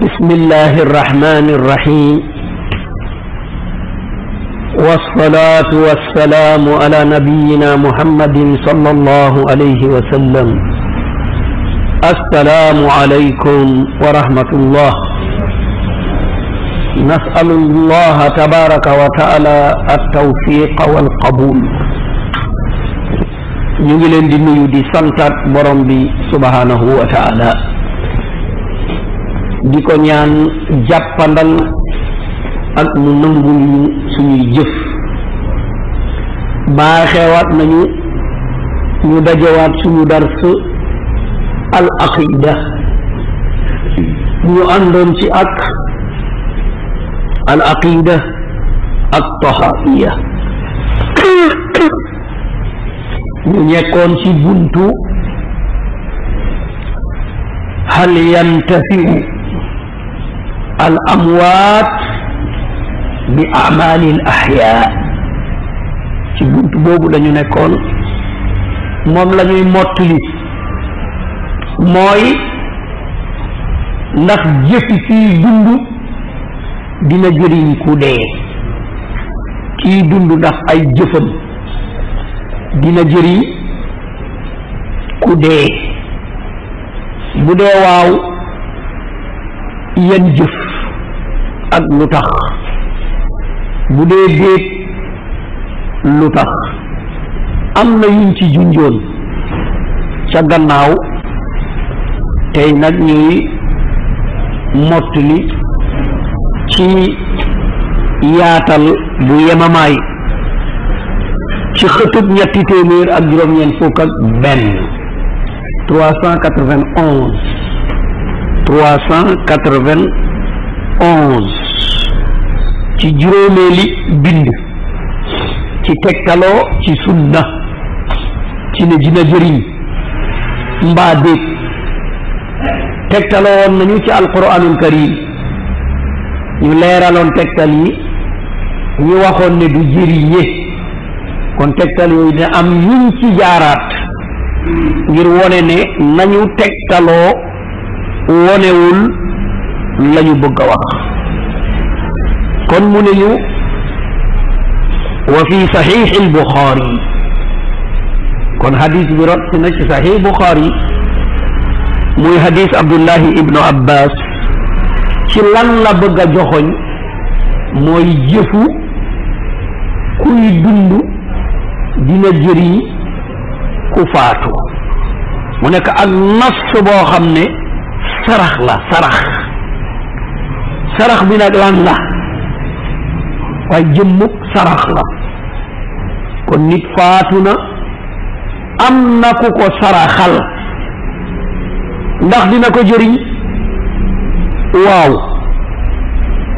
بسم الله الرحمن الرحيم والصلاة والسلام على نبينا محمد صلى الله عليه وسلم السلام عليكم ورحمة الله نسأل الله تبارك وتعالى التوفيق والقبول نجلن دي نيو دي سنتات سبحانه وتعالى di ko ñaan jàppandal ak mu nangul ñu suñuy jëf baaxeewaat nañu ñu dajewaat suñu dars al aqida ñu àndoon ci ak al aqida ak tahawiya ñu nekkoon ci buntu hal yantafiu al amwaat bi amalil ahya ci bunt boobu lañu nekkoon moom la ñuy mottali mooy ndax jëfi kii dund dina jëriñ ku dee kii dund ndax ay jëfam dina jëriñ ku dee bu dee waaw yan jëf ak lu tax bu dee déet lu tax am na yuñ ci junjoon ca gannaaw tey nag ñuy li ci yaatal bu yemamaay ci xëtub ñetti téeméer ak juróom-ñeent fukk ak benn trois cent quatre vingt onze ci juróomeeli bind ci tekkaloo ci sunna ci ne dina jëriñ mbaa déet tegtaloo nañu ci alquranul karim ñu leeraloon tegtal yi ñu waxoon ne du jëriñe kon tegtal yooyu ne am yuñ ci jaaraat ngir wone ne nañu tegtaloo wonewul la ñu bëgg a kon mu ne ñu wa fi saxiix albuxaari kon hadis bi rot na ci saxiix buxaari muy hadis abdullahi ibnu abbas ci lan la bëgg joxoñ mooy jëfu kuy dund dina jëriñ ku faatu mu nekk ak nas boo xam ne sarax la sarax sarax bi nag lan la waaye jëmmug sarax la kon nit faatu na am na ku ko saraxal ndax dina ko jëriñ waaw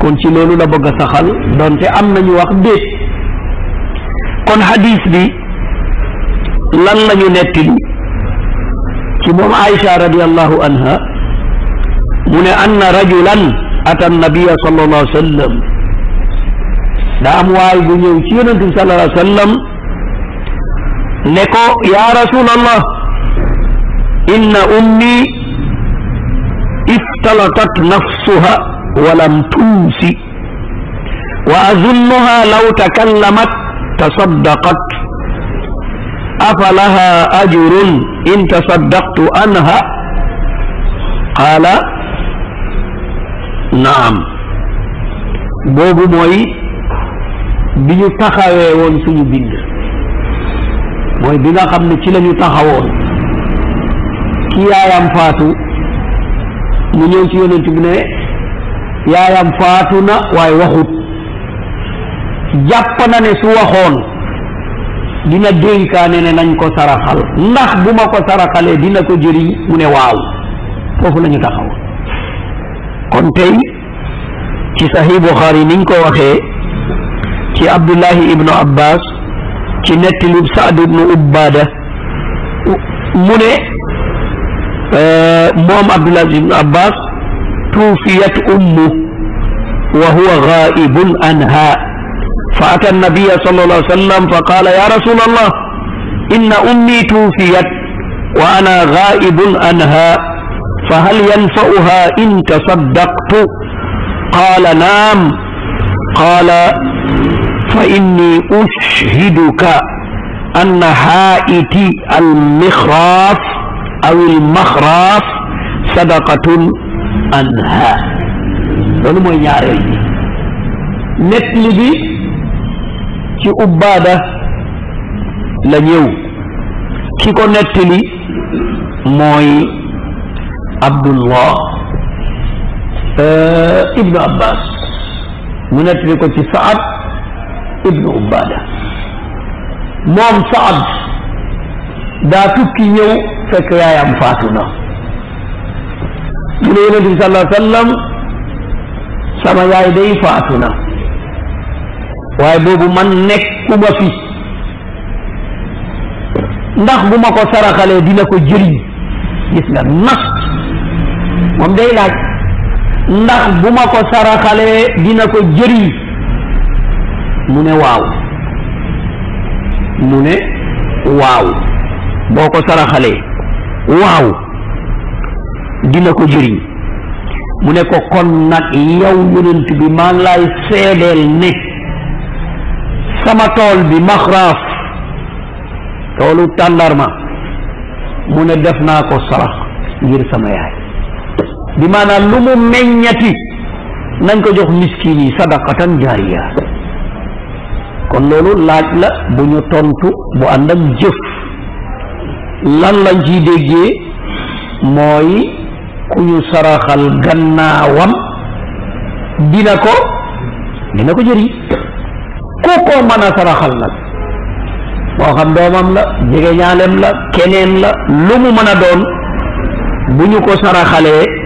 kon ci loolu la bëgg a saxal donte am nañu wax déet kon hadis bi lan lañu nettali ci moom Aïcha radiyallahu anha من أن رجلا أتى النبي صلى الله عليه وسلم دام واي بنيو صلى الله عليه وسلم نكو يا رسول الله إن أمي افتلطت نفسها ولم توسي وأظنها لو تكلمت تصدقت أفلها أجر إن تصدقت أنها قال naam boobu mooy bi ñu taxawee woon suñu bind mooy bi nga xam ne ci la ñu taxawoon ki yaayam faatu mu ñëw ci yonent bi ne yaayam faatu na waaye waxut jàpp na ne su waxoon dina dénkaane ne nañ ko saraxal ndax bu ma ko saraxalee dina ko jëriñ mu ne waaw foofu la ñu kon tey ci sahih buxaari niñ ko waxee ci abdullahi ibnu abbas ci nettilib saad ibnu ubbaada mu ne moom abdullahi ibnu abbas tuufiyat ummu wa huwa gaibun anha fa ata annabiya sal allah sallam fa qaala ya rasul allah inna ummi tuufiyat wa ana gaibun anha فهل ينفعها إن تصدقت قال نعم قال فإني أشهدك أن هائتي المخراف أو المخراف صدقة انها loolu mooy نتلي bi كي أبادة لنيو كي la ñëw ki عبد الله ابن عباس منتبه كنت سعد ابن عبادة مام سعد دا تكيو فكرا ينفاتنا قلو نبي صلى الله عليه وسلم سما يدي فاتنا ويبوب من نك في ndax buma ko saraxalee dina ko jëriñ gis nga nas moom day laaj ndax bu ma ko saraxalee dina ko jëriñ mu ne waaw mu ne waaw boo ko saraxalee waaw dina ko jëriñ mu ne ko kon nag yow yonent bi maa ngi seedeel ne sama tool bi maxraaf toolu tàndarma mu ne def naa ko sarax ngir sama yaay bi maanaam lu mu meññati nañ ko jox miskin yi sadaqatan jaariya kon loolu laaj la bu ñu tontu bu ànd ak jëf lan lañ ciy déggee mooy ku ñu saraxal gannaawam dina ko dina ko jëriñ kookoo mën a saraxal nag moo xam doomam la jege la keneen la lu mu mën a doon bu ñu ko saraxalee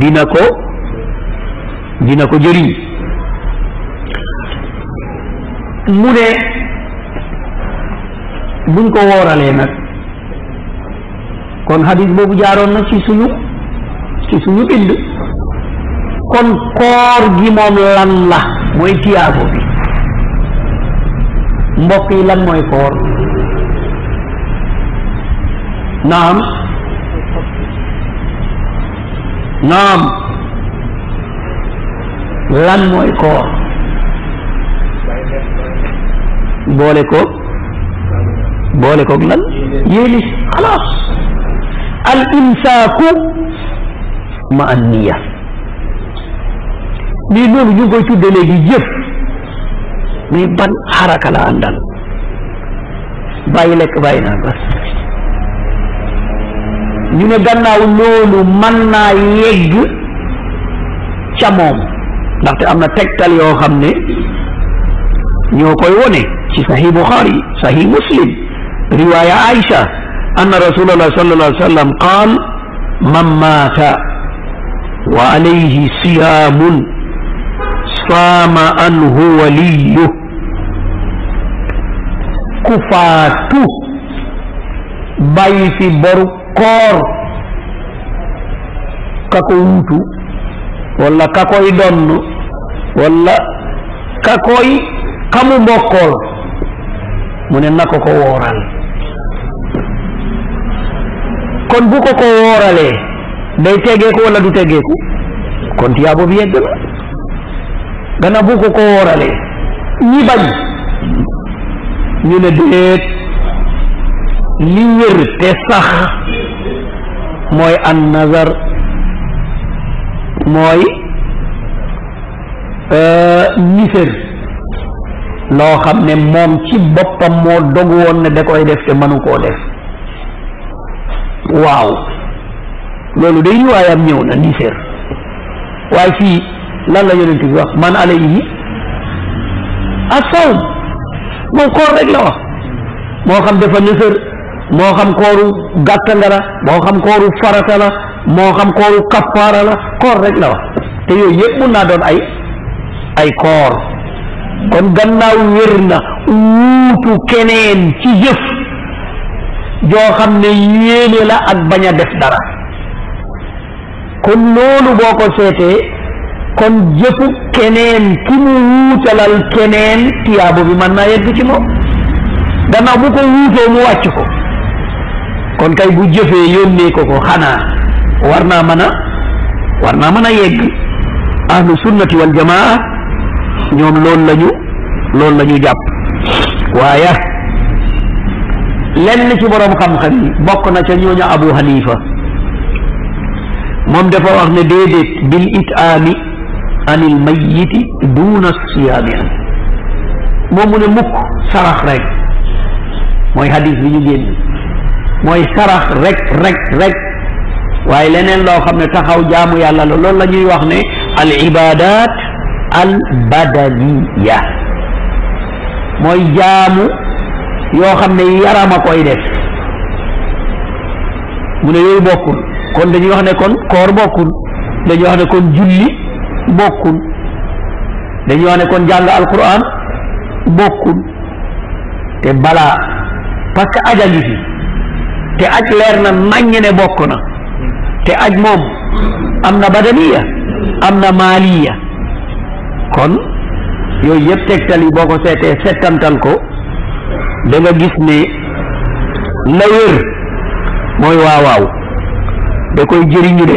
dina ko dina ko jëriñ mu ne buñ ko wooralee nag kon hadis boobu jaaroon na ci suñu ci suñu bind kon koor gi moom lan la mooy tiyaabo bi mbokk yi lan mooy koor naam naam lan mooy koor boole ko boole koog lan yéene xalaas al imsaaku ma an niya lii loolu ñu koy tudde léegi jëf mais ban xaraka la àndal bàyyi lekk bàyyi naan bas ñu ne gannaaw loolu man na yegg ca moom ndaxte am na tegtal yoo xam ne ñoo koy wone ci sahih bukhari sahih muslim riwaya aisha anna rasulallah sallallahu alaihi wasallam qaal man maata wa alayhi siyaamun saama anhu waliyu ku faatu bàyyi fi boru koor ka ko wuutu walla ka koy donn walla ka koy xamu mbokkool mu ne na ko ko kon bu ko ko wooralee day tegeeku walla du tegeeku kon tiyaa boobu yegg na gannaaw bu ko ko wooralee ñi bañ ñu ne déet li wér te sax mooy an nazar mooy euh, misër loo xam ne moom ci boppam moo dog woon ne da koy def te mënu koo def waaw loolu day riwaayam ñëw na misër waaye fii lan la yonent bi wax man alayhi asawm moom koor rek la wax moo xam dafa nësër moo xam kooru gàttanga la moo xam kooru farata la moo xam kooru kappaara la koor rek la wax te yooyu yëpp mun naa doon ay ay koor kon gannaaw wér na wuutu keneen ci jëf joo xam ne yéene la ak bañ a def dara kon loolu boo ko seetee kon jëfu keneen ki mu wuutalal keneen tiyaabu bi man naa yegg ci moom gannaaw bu ko wuutoo mu wàcc ko kon kay bu jëfee yónnee ko ko xanaa war naa mën a war naa mën a yegg ahlu sunnati wal jamaa ñoom loolu la ñu loolu la ñu jàpp waaye lenn ci boroom xam-xam yi bokk na ca ñooñu abu hanifa moom dafa wax ne déedéet bil itaami anil mayyiti duuna siyaami an moom mu ne mukk sarax rek mooy hadis bi ñu génn mooy sarax rek rek rek waaye leneen loo xam ne taxaw jaamu yàlla la loolu la wax ne al ibadat al badaniya mooy jaamu yoo xam ne yarama koy def mu ne yooyu bokkul kon dañuy wax ne kon koor bokkul dañuy wax ne kon julli bokkul dañuy wax ne kon jàng alquran bokkul te balaa parce que ajangi fi te aj leer na naññ ne bokk na te aj moom am na badaniya am na maaliya kon yooyu yëpp tegtal yi boo ko seetee settantal ko da nga gis ne la wér mooy waawaaw da koy jëriñu de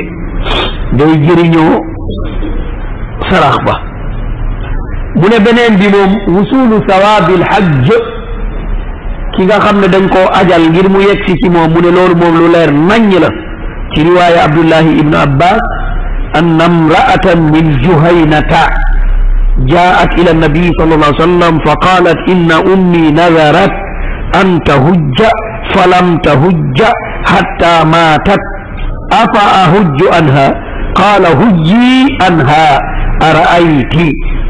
day jëriñoo sarax ba mu ne beneen bi moom wusulu sawaabil hajj ki nga xam ne dañ koo ajal ngir mu yegg si ci moom mu ne loolu moom lu leer naññ la ci riwaaya abdullahi ibnu abbas أن امرأة من جهينة جاءت إلى النبي صلى الله عليه وسلم فقالت إن أمي نذرت أن تهج فلم تهج حتى ماتت أفأهج عنها قال هجي عنها أرأيت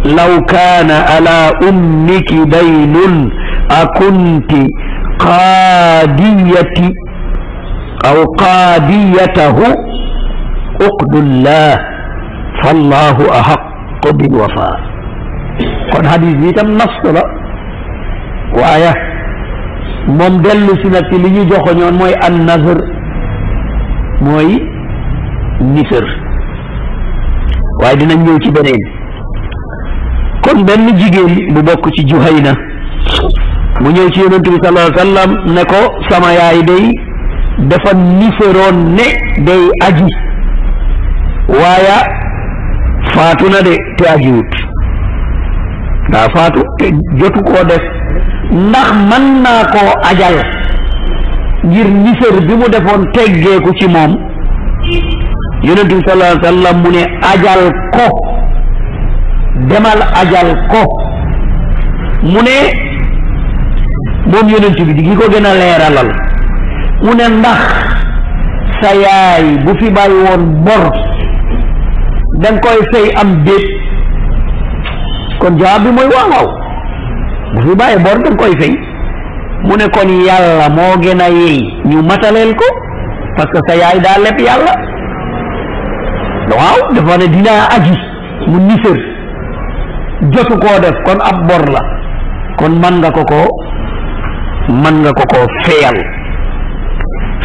لو كان على أمك دين أكنت قاديتي أو قاديته أقد الله فالله أحق بالوفاء كون حديث دي تم نص لا وايا موم دلو سي نك لي ني جوخو نون موي النظر موي نفر واي دينا نيو سي بنين كون بن جيجين بو بوك سي جوهينا mu ñëw ci yonente bi sala alai sallam ne ko sama yaay day dafa niféroon ne day aji waaya faatu na de te ajiwut ndaa faatu te jotu koo def ndax mën naa koo ajal ngir nifér bi mu defoon teggeeku ci moom yonente bi salaai sallam mu ne ajal ko demal ajal ko mu ne moom yonent bi di ko gën a leeralal mu ne ndax sa yaay bu fi bàyyi woon bor danga koy fay am déet kon jawaab bi mooy waaw bu fi bàyyi bor danga koy fay mu ne kon yàlla moo gën a yey ñu mataleel ko parce que sa yaay daa leb yàlla waaw dafa ne dinaa aji mu nisër jotu koo def kon ab bor la kon man nga ko ko man nga ko ko feyal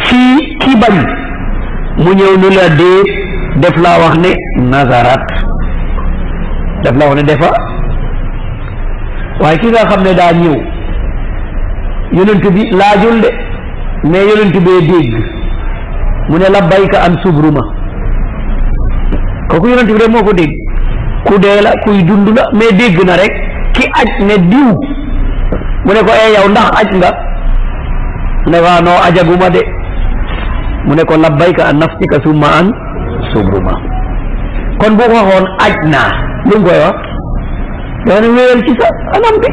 fii kii bañ mu ñëw ni la dee def laa wax ne nazarat def laa wax ne defa waaye ki nga xam ne daa ñëw yonent bi laajul de mais yonent bee dégg mu ne la bayka an subruma kooku yonent bi rek moo ko dégg ku dee la kuy dund la mais dégg na rek ki aj ne diw mu ne ko ee eh, yow ndax aj nga mu ne ko noo ajaguma de mu ne ko labbayka an nafsika summa an sumruma kon bu ko aj naa lu mu koy wax bi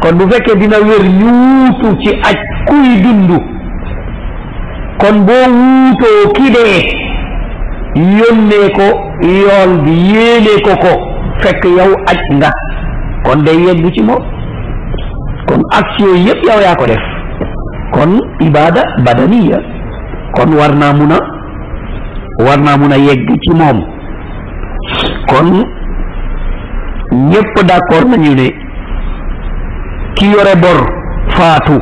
kon bu fekkee dina ñu wuutu ci aj kuy kon boo wuutoo ko ko ko fekk yow aj nga kon day yeggu ci moom kon action yëpp yow yaa ko def kon ibada badaniya kon war naa mun a war naa mun a yegg ci moom kon ñëpp d'accord nañu ne ki yore bor faatu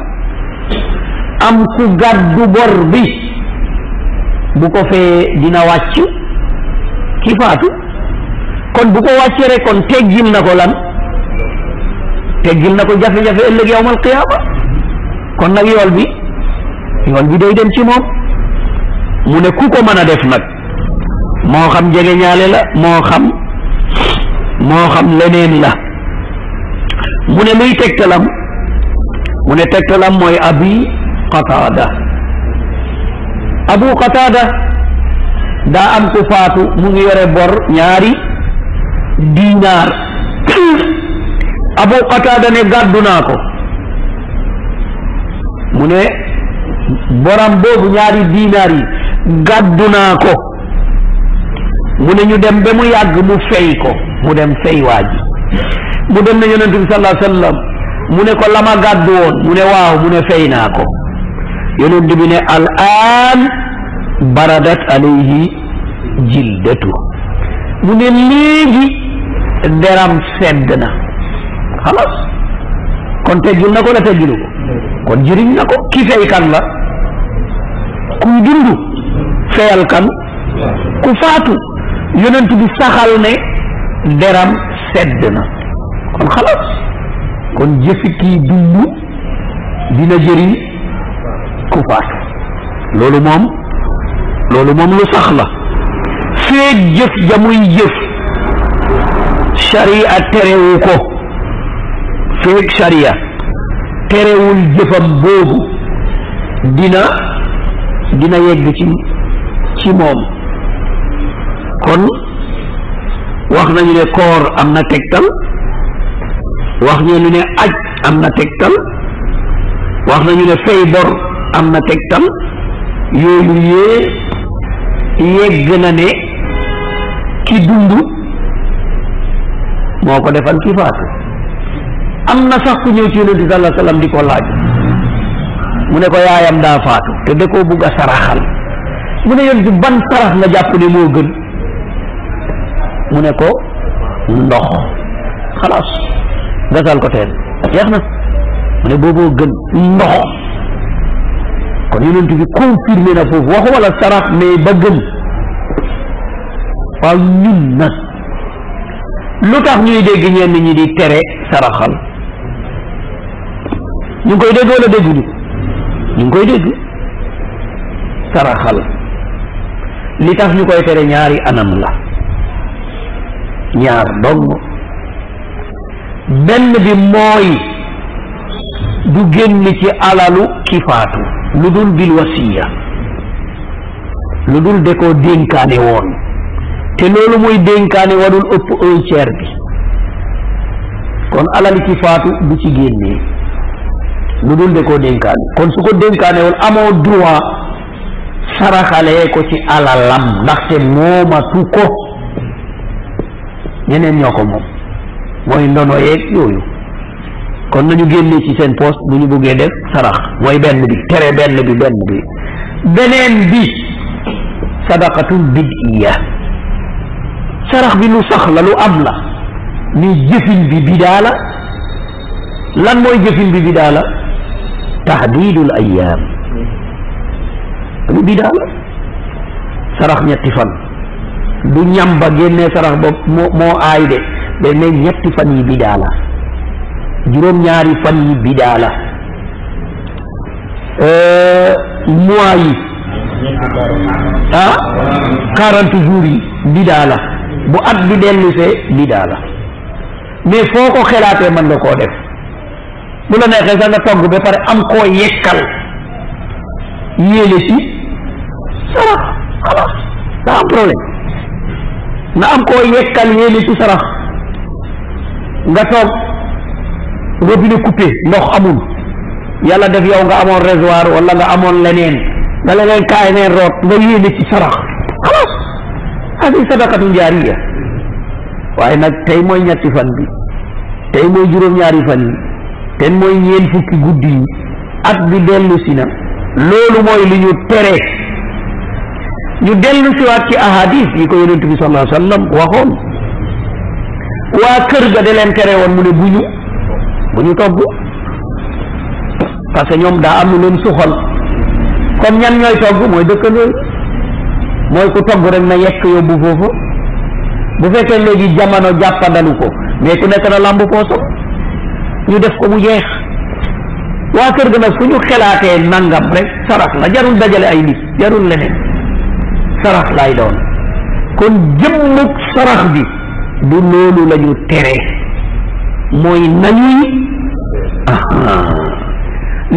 am ku gàddu bor bi bu ko fee dina wàcc ki faatu kon bu ko wàccee rek kon teggil na ko lan teggil na ko jafe-jafe ëllëg yawmal qiyaama kon nag yool bi yool bi day dem ci moom mu ne ku ko mën a def nag moo xam jege ñaale la moo xam moo xam leneen la mu ne luy tegtalam mu ne tegtalam mooy abi qataada abu qataada daa am ku faatu mu ngi yore bor ñaari dinaar abu qataada ne gàddu naa ko mu ne boram boobu ñaari diinaar yi gàddu naa ko mu ne ñu dem ba mu yàgg mu fay ko mu dem fay waa ji mu dem na yonent bi sallallahu alayhi wa mu ne ko la ma gàddu woon mu ne waaw mu ne fay naa ko yonent bi ne al aan baradat alayhi jildatu mu ne léegi deram sedd na xalaas kon teggil na ko la teggilu ko kon jëriñ na ko ki fay kan la kuy dund feyal kan ku faatu yonent bi saxal ne deram sedd na kon xalaas kon jëfi kii dund dina jëriñ ku faatu loolu moom loolu moom lu sax la feeg jëf jamuy jëf sharia terewu ko feeg sariya terewul jëfam boobu dina dina yegg ci ci moom kon wax nañu ne koor am na tegtal wax nañu ne aj am na tegtal wax nañu ne fay bor am na tegtal yooyu yee yegg na ne ki dund moo ko defal ki faatu am na sax ku ñëw ci yonent bi sallallahu alayhi di ko laaj mu ne ko yaayam daa faatu te da koo bugg a saraxal mu ne yonent bi ban sarax nga jàpp ne moo gën mu ne ko ndox xalaas gasal ko teen jeex na mu ne booboo gën ndox kon yonent bi confirmé na foofu waxu wala sarax mais ba gën waaw ñun nag lu tax ñuy dégg ñenn ñi di tere saraxal ñu ngi koy dégg wala dégg ñu ñu ngi koy dégg saraxal li tax ñu koy tere ñaari anam la ñaar dong benn bi mooy du génn ci alalu kifaatu lu dul bil wasiya lu dul de koo dénkaane woon te loolu muy dénkaane wadul ëpp un tiers bi kon alali kifaatu du ci génnee lu dul de koo dénkaane kon su ko dénkaane woon amoo droit saraxalee ko ci alalam ndaxte moomatu ko ñeneen ñoo ko moom mooy ndono yeeg yooyu kon nañu génne ci seen poste bu ñu buggee def sarax mooy benn bi tere benn bi benn bi beneen bi sadaqatul bidiya sarax bi lu sax la lu am la ni jëfin bi bidaa la lan mooy jëfin bi bidaa la tahdidul ayam bidaa la sarax ñetti fan du ñam ba génnee sarax ba moo moo aay de day ne ñetti fan yi bidaa la juróom-ñaari fan yi bidaa la euh, mois yi ah quarante jours yi bidaa la bu at bi dellusee bidaa la mais foo ko xelaatee mën nga koo def bu la neexee sax nga togg ba pare am koo yekkal yéele si sarax xalaas nga am problème nga am koo yekkal yéele si sarax nga toog robinet coupé ndox amul yàlla def yow nga amoon réservoir wala nga amoon leneen nga leneen kaay neen root nga yéele ci sarax xalaas hadi sadaqatu jaariya waaye nag tey mooy ñetti fan bi tey mooy juróom-ñaari fan yi te mooy ñeen fukki guddi yi at bi dellu si na loolu mooy li ñu tere ñu dellu siwaat ci ahadis yi ko yonent bi sallallahu alayhi wa sallam waxoon waa kër ga da leen tere woon mu ne bu ñu bu ñu togg parce que ñoom daa am lu leen suxal kon ñan ñooy togg mooy dëkkandoo mooy ku togg rek na yekk yóbbu foofu bu fekkee léegi jamono jàppandalu ko mais ku nekk na lamb poosam ñu def ko mu jeex waa kër ga nag su ñu xelaatee nangam rek sarax la jarul dajale ay nit jarul leneen sarax lay doon kon jëmmug sarax bi du loolu la tere mooy nañuy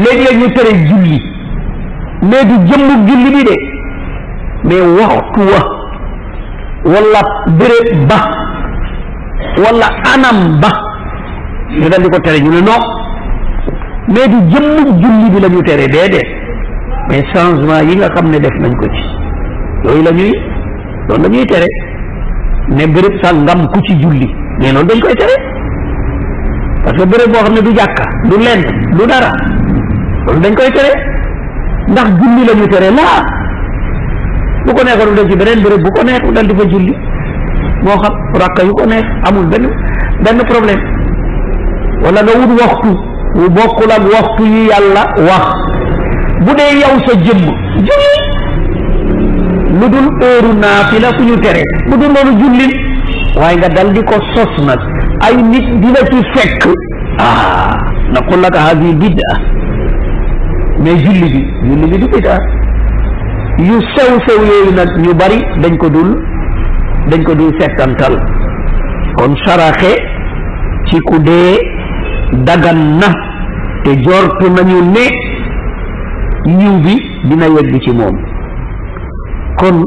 léeg-léeg ñu tere julli mais du jëmmug julli bi de mais waxtu wa wala béréb ba wala anam ba ñu dal di ko tere ñu ne non mais du jëmm julli bi la ñu tere déedéet mais changement yi nga xam ne def nañ ko ci yooyu la ñuy loolu la tere ne béréb sàngam ku ci julli mais loolu dañ koy tere parce que béréb boo xam ne du jàkka du lenn du dara loolu dañ koy tere ndax julli la ñu tere laa bu ko neexoon dem ci beneen béréb bu ko neex dal di fa julli moo xam rakka yu ko neex amul benn benn problème wala nga wut waxtu wu bokkul ak waxtu yi yàlla wax bu dee yow sa jëmm julli lu dul heure naafila suñu tere bu dul loolu julli waaye nga dal di ko sos nag ay nit dina ci fekk ah naqul laka hadi bid'a mais julli bi julli bi du bid'a yu sew sew yooyu nag ñu bari dañ ko dul dañ ko dul settantal kon saraxe ci ku dee dagan na te jortu nañu ne yiw bi dina yegg ci moom kon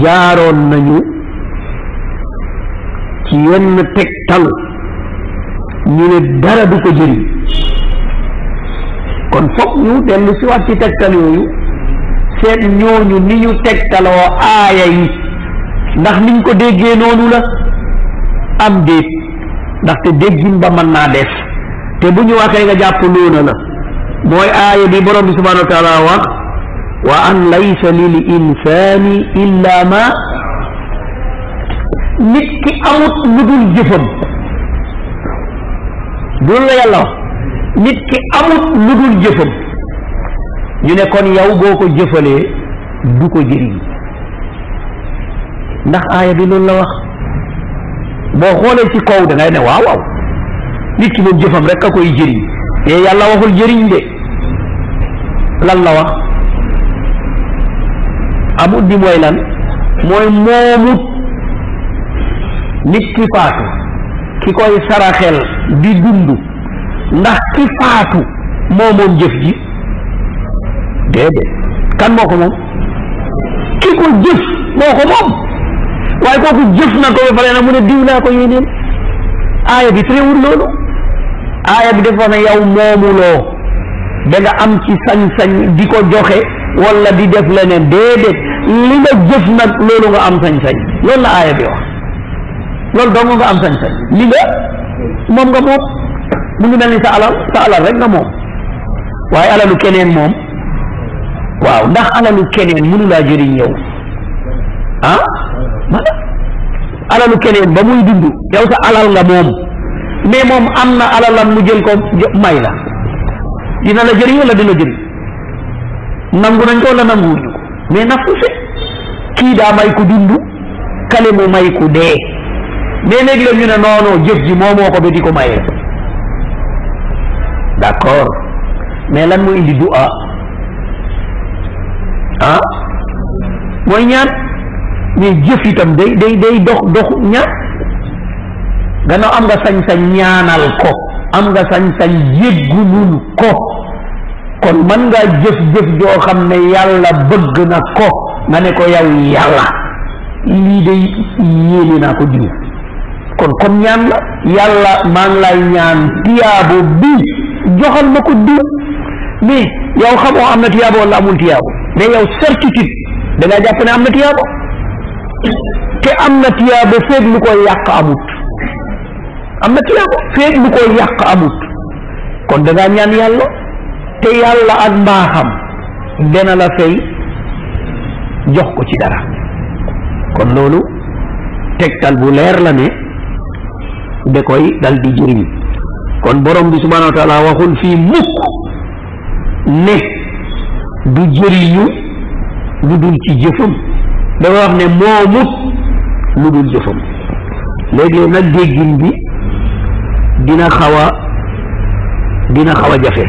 jaaroon nañu ci yenn tegtal ñu ne dara du ko jëriñ kon foog ñu dellu si waat ci tegtal seet ñooñu ni ñu tegtaloo aaya yi ndax niñ ko déggee noonu la am déet ndaxte déggin ba mën naa des te bu ñu waxee nga jàpp loona la mooy aaya bi borom bi subhanahu wa taala wax wa an laysa lil insani ma nit ki amut lu dul jëfam du la yàlla wax nit ki amut lu dul jëfam ñu ne kon yow boo ko jëfalee du ko jëriñ ndax aaya bi loolu la wax boo xoolee ci kaw da ngay ne waaw waaw nit ki moom jëfam rek a koy jëriñ mais yàlla waxul jëriñ de lan la wax amut bi mooy lan mooy moomut nit ki faatu ki koy saraxel di dund ndax ki faatu moomoom jëf ji déedéet kan moo ko moom ki ko jëf moo ko moom waaye kooku jëf na ko ba pare nag mu ne diw laa ko yéeneen aaya bi tréwul loolu aaya bi dafa ne yow moomuloo da nga am ci sañ-sañ di ko joxe wala di def leneen déedéet li nga jëf nag loolu nga am sañ-sañ loolu la aaya nga am sañ-sañ li nga moom nga moom mu ngi mel ni sa alal sa alal rek nga moom waaye alalu keneen moom waaw ndax alalu keneen mënu laa jëriñ yow ah? maanaam alalu keneen ba muy dund yow sa alal nga moom mais moom am na alalam mu jël ko may la dina la jëriñ wala dina jëriñ nangu nañ ko wala nanguwuñu ko mais nafsu kii daa may ku dund kale mu may ku dee mais léegi la ñu ne noonu jëf ji moomoo ko ba di ko mayee d'accord mais lan mu indi du'a ah mooy ñaan mais jëf itam day day day dox doxu ñaan gannaaw am nga sañ-sañ ñaanal ko am nga sañ-sañ yëggulul ko kon man ngaa jëf-jëf xam ne yàlla bëgg na ko nga ne ko yow yàlla lii ko diw kon kon ñaan la ñaan tiyaabo bii joxal ma ko diw mais yow xamoo am na tiyaabo wala amul tiyaabo mais yow certitude da jàpp ne am na tiyaabo te am na tiyaabo feeg lu koy yàq amut am na tiyaabo feeg lu koy yàq amut kon da ngaa ñaan yàlla te yàlla ak mbaaxam dana la fay jox ko ci dara kon loolu tegtal bu leer la ne de koy dal di jëriñ kon borom bi subhanahu wa taala waxul fii mukk ne du jëriñu lu dul ci jëfam dafa wax ne moomut lu dul jëfam léeg-léeg nag déggin bi dina xaw a dina xaw a jafe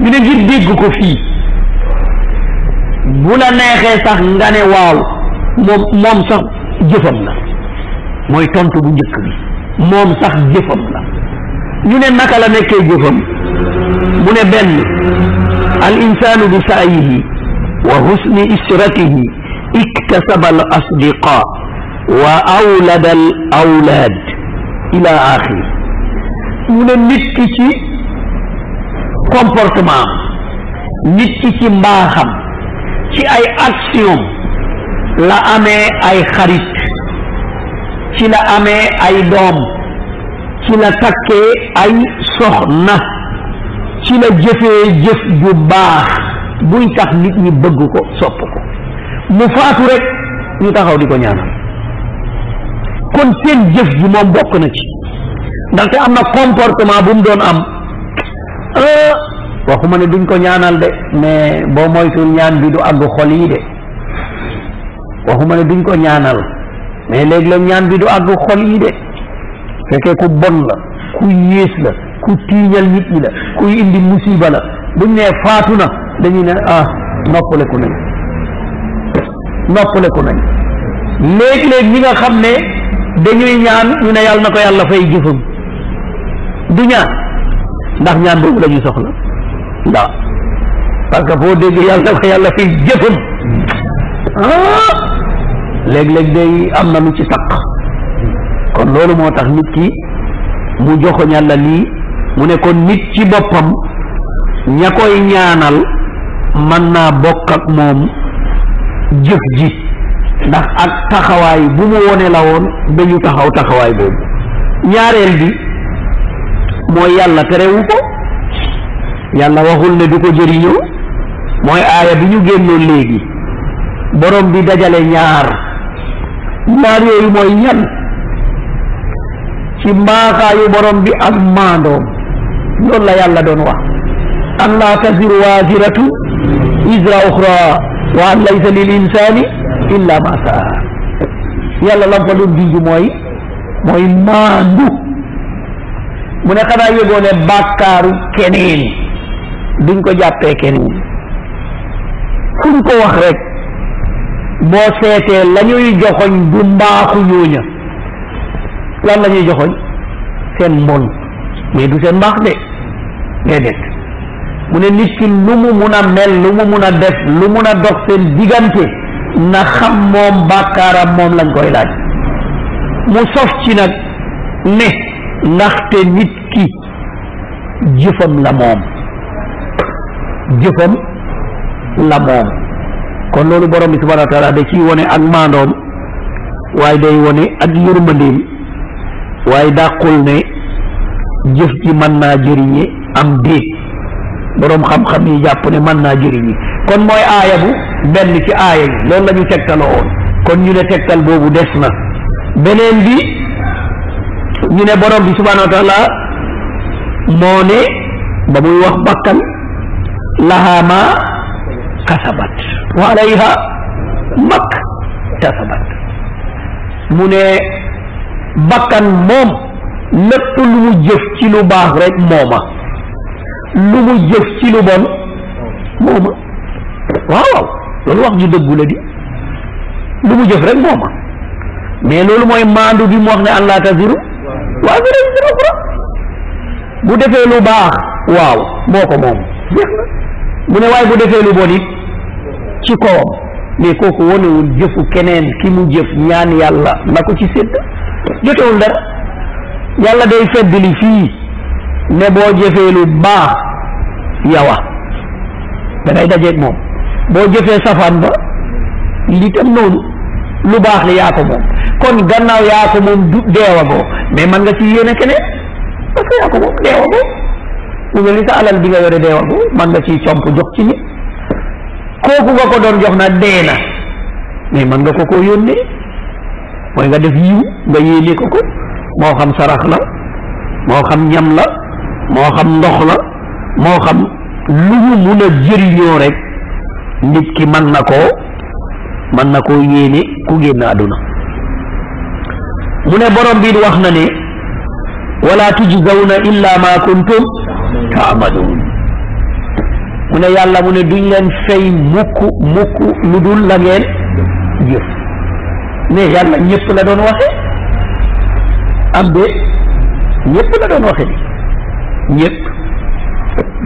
ñu ne ngir dégg ko fii bu la neexee sax nga ne waaw moom moom sax jëfam la mooy tontu bu njëkk bi moom sax jëfam la ñu ne naka la nekkee jëfam mu ne benn al insaanu bi saayihi wa husni isratihi iktasaba al asdiqa wa awlada al awlaad ila mu ne nit ki ci comportement nit ki ci mbaaxam ci ay action la amee ay xarit ci la amee ay doom ci la takkee ay soxna ci la jëfee jëf ju baax buy tax nit ñi bëgg ko sopp ko mu faatu rek ñu taxaw di ko ñaanal kon seen jëf ji moom bokk na ci ndaxte am na comportement bu mu doon am euh, waxuma ne duñ ko ñaanal de mais boo moytul ñaan bi du àgg xol yi de waxuma ne duñ ko ñaanal mais léegi-léeg ñaan bi du àgg xol yi de fekkee ku bon la ku yées la ku tiiñal nit ñi la kuy indi musiba la buñ nee faatu na dañuy ne ah noppaleku nañ noppaleku nañ léeg-léeg ñi nga xam ne dañuy ñaan ñu ne yàlla na ko yàlla fay jëfam du ñaan ndax ñaan boobu la soxla waaw parce foo dégg yàlla na ko yàlla fay jëfam ah! léeg-léeg day am na lu ci taq kon loolu moo tax nit ki mu joxoñ yàlla lii mu ne kon nit ci boppam ña koy ñaanal mën naa bokk ak moom jëf ji ndax ak taxawaay bu mu wone la woon ba ñu taxaw taxawaay boobu ñaareel bi mooy yàlla terewu ko yàlla waxul ne du ko jëriñoo mooy aaya bi ñu génnoon léegi boroom bi dajale ñaar ñaar yooyu mooy ñan ci mbaaxaayu borom bi ak maandoom loolu la yàlla doon wax an laa taziru wa an laysa lil insani illa ma saa yàlla lam fa doon mooy mooy maandu mu ne xanaa yëgoo ne keneen duñ ko jàppee keneen fuñ ko wax rek boo seetee la ñuy joxoñ du mbaaxu ñooña lan lañuy ñuy joxoñ seen mbon mais du seen mbaax de déedéet mu ne nit ki lu mu mun a mel lu mu mun a def lu mun a dox seen diggante na xam moom bàkkaaram moom lañ koy laaj mu sof ci nag ne ndaxte nit ki jëfam la moom jëfam la moom kon loolu borom bi subhanahu wa taala da ciy wone ak maandoom waaye day wone ak yërmandeem waaye dàqul ne jëf ji mën naa jëriñe am déet boroom xam-xam yi jàpp ne mën naa jëriñi kon mooy aaya bu benn ci aaya yi loolu la ñu tegtaloo kon ñu ne tegtal boobu des na beneen bi ñu ne borom bi subhanahu wa taala moo ne ba muy wax bakkan lahaa ma kasabat wa alayha mak tasabat mu ne bakkan moom lépp lu mu jëf ci lu baax rek mooma Lou mou jef bon. bon ki lou bono? Mou mou. Waw. Lè lou wak jidèk boulè di. Lou mou jefren mou mou. Mè lou mou emandou di mou wak lè anlata zirou? Wak zirou, zirou, zirou. Boutè fè lou ba, waw. Mou kon mou. Jè. Mounè wè boutè fè lou bonit? Chikò. Mè koko wè nou jef ou kenen, ki mou jef, nyan yalla. Mè koti set. Jè te undara. Yalla dey fè belifi. ne boo jëfee lu baax yawa da ngay dajeeg moom boo jëfee safaan ba li tam noonu lu baax li yaa ko moom kon gannaaw yaa ko moom du deewagoo mais man nga ci yéene keneen parce que yaa ko moom deewagoo mu mel ni sa alal bi nga yore deewagoo man nga ciy comp jox ci nit kooku nga ko doon jox na dee na mais man nga ko koo yónnee mooy nga def yiw nga yéene ko ko moo xam sarax la moo xam ñam la moo xam ndox la moo xam lu ñu mun a jëriñoo rek nit ki mën na koo mën na koo yéene ku génn àdduna mu ne borom bi wax na ne wala tujzawna illa ma kuntum taamaluun mu ne yàlla mu ne duñ leen fay mukk mukk lu dul la ngeen jëf mais yàlla ñëpp la doon waxe am de ñëpp la doon waxe ñëpp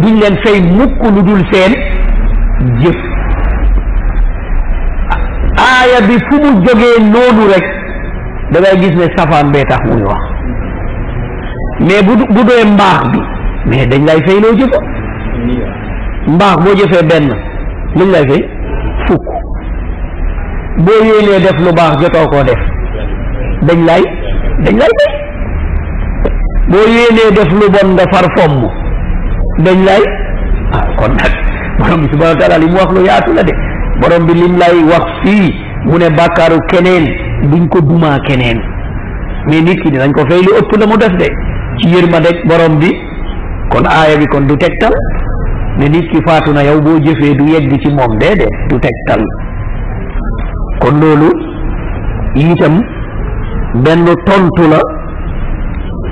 duñ leen fay mukk lu dul seen jëf aaya bi fu mu jógee noonu rek da gis ne safaan bee tax muy wax mais bu bu dee mbaax bi mais dañ lay fay loo jëfa mbaax boo jëfee benn luñ lay fay fukk boo yéenee def lu baax jotoo koo def dañ lay dañ lay fay boo yéenee def lu bon nga far fomm dañ lay ah kon nag borom bi subhanahu wa taala li mu wax lu yaatu la de borom bi lim lay wax fii mu ne bàkkaaru keneen duñ ko dumaa keneen mais nit ki dinañ ko fay lu ëpp la mu def de ci yërmande borom bi kon aaya bi kon du tegtal ne nit ki faatu na yow boo jëfee du yegg ci moom déedéet du tegtal kon loolu itam benn tontu la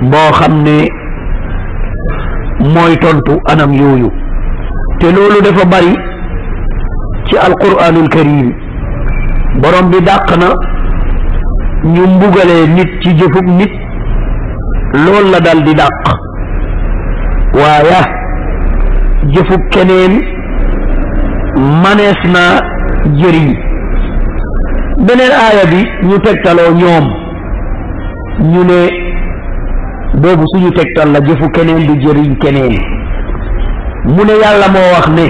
boo xam ne mooy tontu anam yooyu te loolu dafa bari ci alquranul karim boroom bi dàq na ñu mbugalee nit ci jëfub nit loolu la dal di dàq waaye jëfub keneen manees na yi beneen aaya bi ñu tegtaloo ñoom ñu ne bobu suñu tegtal la jëfu keneen du jëriñ keneen mu ne yàlla moo wax ne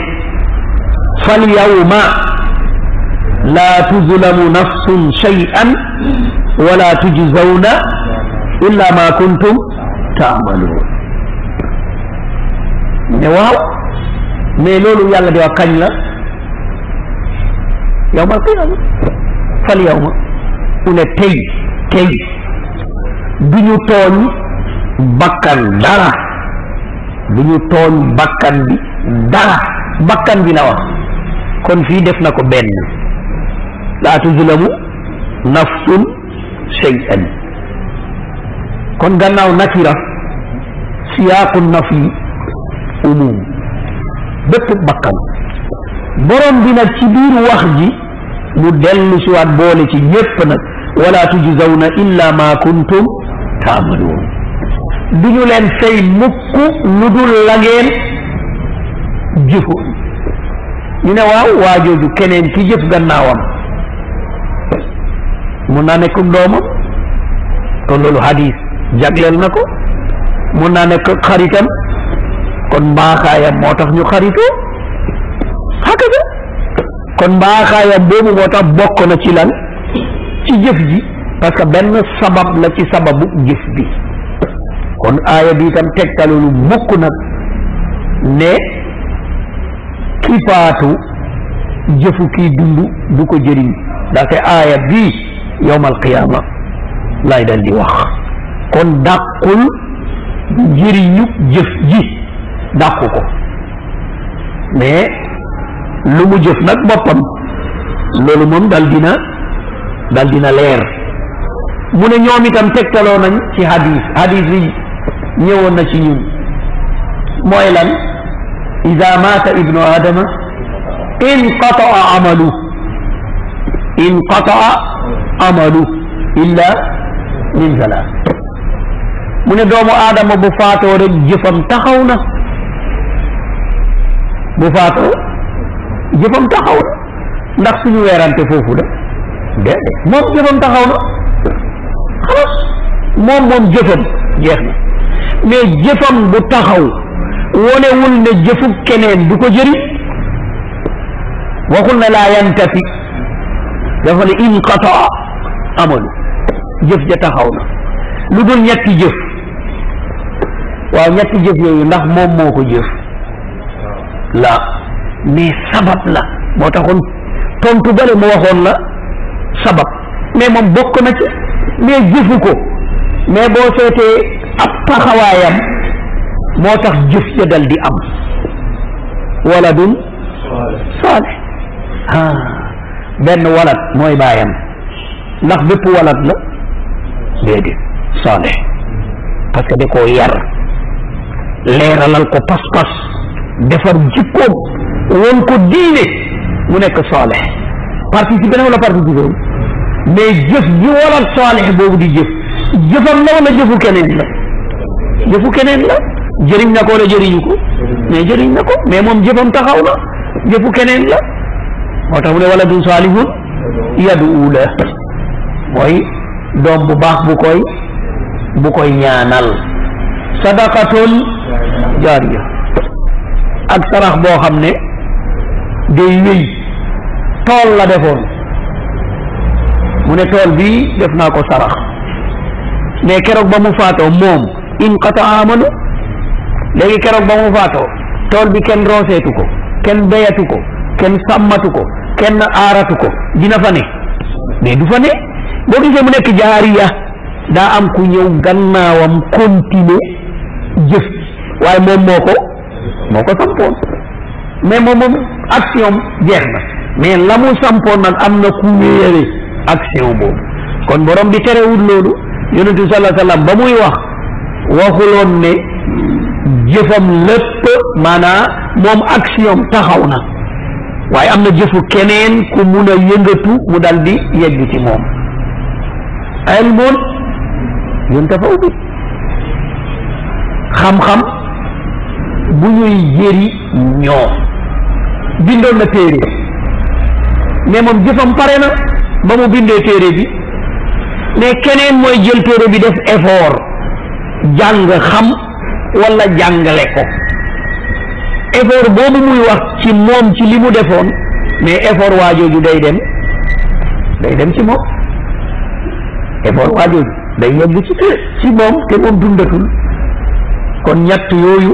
fal yawma la tuzlamu nafsun shay'an wala tujzawna illa ma kuntum taamaluun ne waaw mais loolu yàlla di wax kañ la yawmal qiyaama fal yawma mu ne tey tey duñu tooñ bakkan dara du ñu tooñ bakkan bi dara bakkan bi na wax kon fii def na ko benn laa tuzlamu nafsun shay'an kon gannaaw nakira siyaaqu nafi umum bépp bakkan borom bi nag ci biir mu dellu si boole ci ñépp wala tujzawna illa ma kuntum taamaluun du ñu leen fay mukk lu dul la jëfu ñu ne waaw waajooju keneen ki jëf gannaawam mun naa nekkum doomam kon loolu hadis jagleel na ko mun naa nekk xaritam kon mbaaxaayam moo tax ñu xaritoo hakaza kon mbaaxaayam boobu moo tax bokk na ci lan ci jëf ji parce benn sabab la ci sababu jëf bi kon aaya bi itam tegtalulu mukk nag ne ki faatu jëfu kii dund du ko jëriñ ndaxte aaya bi yowmal qiyaama lay dal di wax kon dàqul njëriñu jëf ji dàqu ko mais lu mu jëf nag boppam loolu moom dal dina dal leer mu ne ñoom itam tegtaloo nañ ci hadis hadis ñëwoon na ci ñun mooy lan ida maata ibnu adama inqataa amalu inqataa amalu illa min salaat mu ne doomu aadama bu faatoo rek jëfam taxaw na bu faatoo jëfam taxaw na ndax suñu weerante foofu la déedéet moom jëfam taxaw na xalas moom moom jëfam jeex na mais jëfam bu taxaw wonewul ne jëfu keneen du ko jëriñ waxul na laa yantafi dafa ne inqata amalu jëf ja taxaw na lu dul ñetti jëf waaw ñetti jëf yooyu ndax moom moo ko jëf la mais sabab la moo taxoon tontu bale mu waxoon la sabab mais moom bokk na mais jëfu ko mais boo seetee ab taxawaayam moo tax jëf ya dal di am waladun saalih ah benn walad mooy baayam ndax bépp walad la déedéet saalih parce que da koo yar leeralal ko pas-pas defar jikkoom won ko diine mu nekk saalih participé na wala participé mais jëf ji walad saalih boobu di jëf jëfam la wala jëfu keneen la jëfu keneen la jëriñ na ko wala jëriñu ko mais jëriñ na ko mais moom jëfam taxaw na jëfu keneen la moo tax mu ne wala dun saalihun yadu uula mooy doom bu baax bu koy bu koy ñaanal jaar jaariya ak sarax boo xam ne day wéy tool la defoon mu ne tool bi def naa ko sarax mais keroog ba mu faatoo moom inqata amalu léegi keroog ba mu faatoo tool bi kenn rooseetu ko kenn béyatu ko kenn sàmmatu ko kenn aaratu ko dina fa ne mais du fa ne boo gisee mu nekk jaariya daa am ku ñëw gannaawam continuer jëf waaye moom moo ko moo ko sampoon mais moom moom action jeex na mais la mu sampoon nag am na ku wéere action boobu kon borom bi terewul loolu yonentu sallallahu ba muy wax waxuloon ne jëfam lépp maanaa moom action taxaw na waaye am na jëfu keneen ku mun a yëngatu mu dal di yegg ci moom ilmun yuntafa'u bi xam-xam bu ñuy jëri ñoo bindoon na téere mais moom jëfam pare na ba mu bindee téere bi mais keneen mooy jël téere bi def effort jàng xam wala jàngale ko effort boobu muy wax ci moom ci li mu defoon mais effort waajooju day dem day dem ci moom effort waajooju day yegg ci ci moom te moom dundatul kon ñett yooyu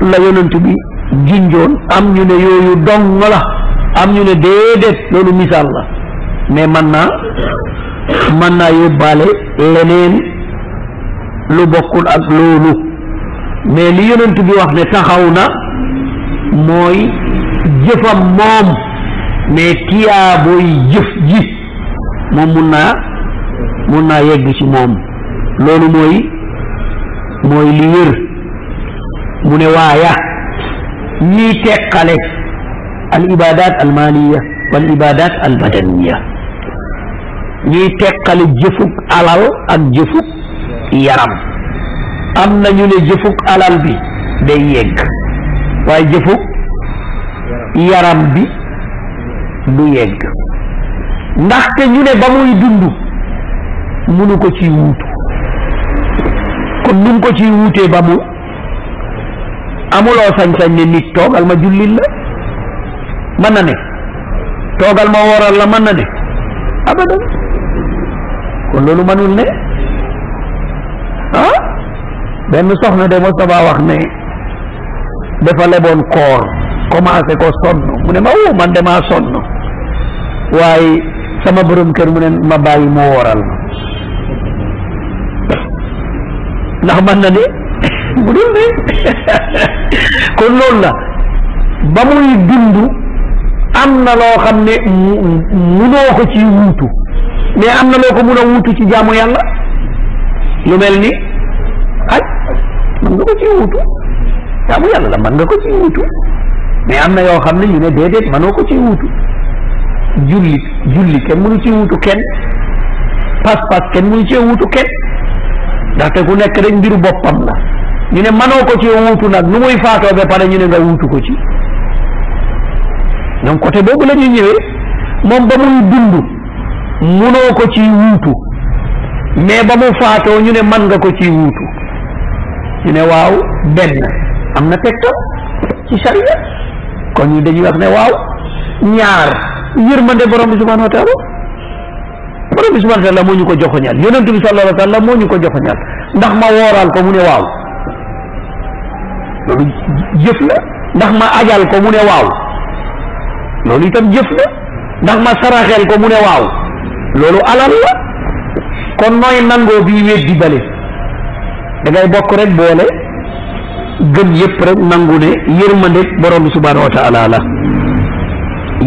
la yonent bi jinjoon am ñu ne yooyu dong la am ñu ne déedéet loolu misaal la mais man naa man naa yóbbaale leneen lu bokkul ak loolu mais li yonent bi wax ne taxaw na mooy jëfam moom mais tiyaabooy jëf ji moom mun naa mun naa yegg ci moom loolu mooy mooy li mu ne waaya ñuy teqale al ibadat al maliya wal ibadat al badaniya ñiy teqale jëfuk alal ak jëfuk yaram am nañu ne jëfuk alal bi day yég waaye jëfuk yaram bi du yegg ndaxte ñu ne ba muy dund munu ko ci wuutu kon nun ko ci wuutee ba mu amuloo sañ-sañ ne nit toogal ma jullil la mën na ne toogal ma wooral la mën na ne abadan kon loolu mënul ne ah benn soxna de Moustapha wax ne dafa leboon koor commencé ko sonn mu ne ma wuu oh, man de maa sonn waaye sama borom kër mu ne ma bàyyi mu wooral ndax man na ne mu dul ne kon loolu la ba muy dund am na loo xam ne munoo ko ci wuutu mais am na loo ko mun a wuutu ci jaamu yàlla lu mel ni xaj mën nga ko ci wutu jaamu yàlla la man nga ko ci wutu mais am na yoo xam ne ñu o déedéet mënoo ko ci wutu julli julli kenn mënu ci utu kenn pas-pas kenn mënu cee wutu kenn ndaxte ku nekk rek mbiru boppam la ñu ne mënoo ko cee wuutu nag nu muy faatoo ba pare ñu ne nga wuutu ko ci donc côté boobu la ñuy ñëwee moom ba muy dund munoo ko ci wuutu mais ba mu faatoo ñu ne man nga ko ci wuutu ñu ne waaw benn am na tegtal ci sariya kon ñu dañuy wax ne waaw ñaar yërmande borom bi subhanahu wa taala borom bi subhanahu wa taala moo ñu ko joxoñal yonent bi sallallahu alayhi wa sallam moo ñu ko joxoñal ndax ma wooral ko mu ne waaw loolu jëf la ndax ma ajal ko mu ne waaw loolu itam jëf la ndax ma saraxel ko mu ne waaw loolu alal la kon nooy nangoo bii weddi bale dangay bokk rek boole gën yëpp rek nangu ne yërmande borom bi subhaanahu wa taala la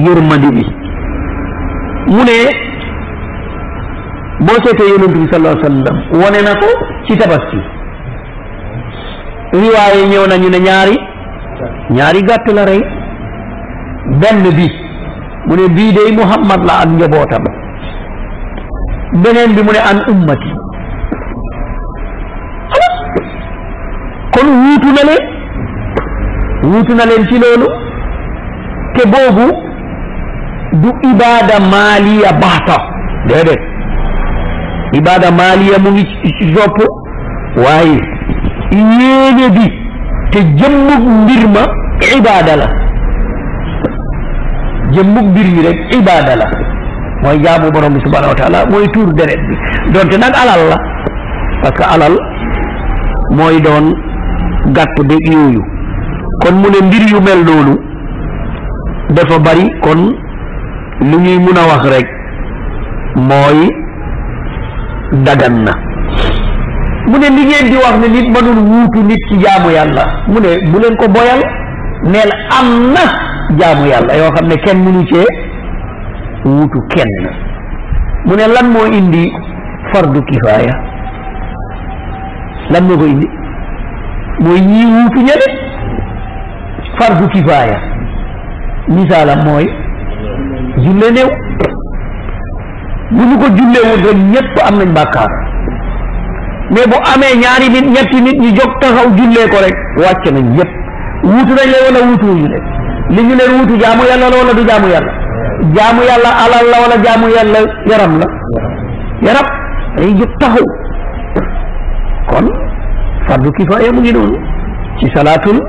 yërmande bi mu ne boo seetee yonent bi sallallahu alayhi wa na ko ci tabaski riwaaye ñëw nañu ne ñaari ñaari gàtt la rey benn bi mu ne bii day Muhammad la ak njabootam beneen bi mu ne an ummati kon wuutu na leen wuutu ci loolu te boobu du ibada maaliya baxta déedéet ibada maaliya mu ngi ci sopp waaye yéene bi te jëmmug mbir ma la jëmmug mbir rek ibada la mooy jaamu borom bi subhanahu wa mooy tuur deret bi donte nag alal la parce que alal mooy doon gàtt dëgg yooyu kon mu ne mbir yu mel noonu dafa bari kon lu ñuy mun a wax rek mooy dagan na mu ne liggéey ngeen di wax ne nit mënul wuutu nit jaamu yàlla mu ne bu leen ko boyal neel am na jaamu yàlla yoo xam ne kenn mënu cee wuutu kenn mu ne lan moo indi fardu kifaaya lan moo ko indi mooy ñii wuutu ñële fardu kifaaya misaalam mooy julle néew bu ñu ko julleewul rek ñëpp am nañ bàkkaar mais bu amee ñaari nit ñetti nit ñu jóg taxaw jullee ko rek wàcc nañ ñëpp wuutu nañ leen wala wuutuwuñu leen li ñu leen wuutu jaamu yàlla la wala du jaamu yàlla jaamu yàlla alal la wala jaamu yàlla yaram la yaram day jóg taxaw kon fardu kifaaya mu ngi noonu ci salaatul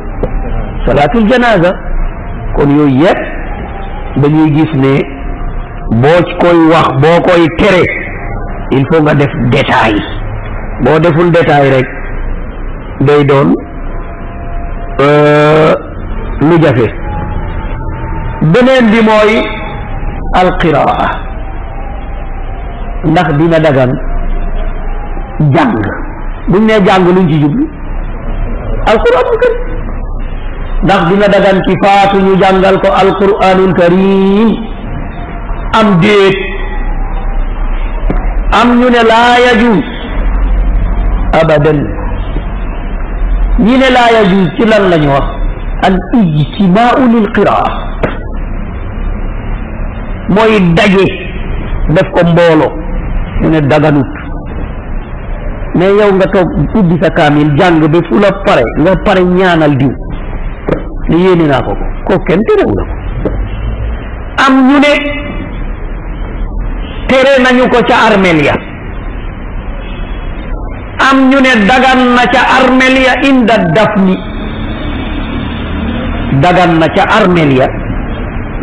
salaatul janaza kon yooyu yëpp dañuy gis ne boo koy wax boo koy tere il faut nga def détail boo deful détail rek day doon euh, lu jafe beneen bi mooy alqira'a ndax dina dagan jàng buñ ne jàng luñ ci jublu alquranul karim ndax dina dagan ci faatu ñu jàngal ko alquranul karim am déet am ñu ne laa yajus abadan ñi ne laa yajus ci lan lañu wax al ijtimaau lil qiraa mooy daje def ko mbooloo ñu ne daganut mais yow nga toog ubbi sa kaamil jàng ba fu la pare nga pare ñaanal diw ne yéene naa ko ko kenn terewu la ko am ñu ne tere nañu ko ca armeel ya am ñu ne dagan na ca armeel ya inda dafni dagan na ca armeel ya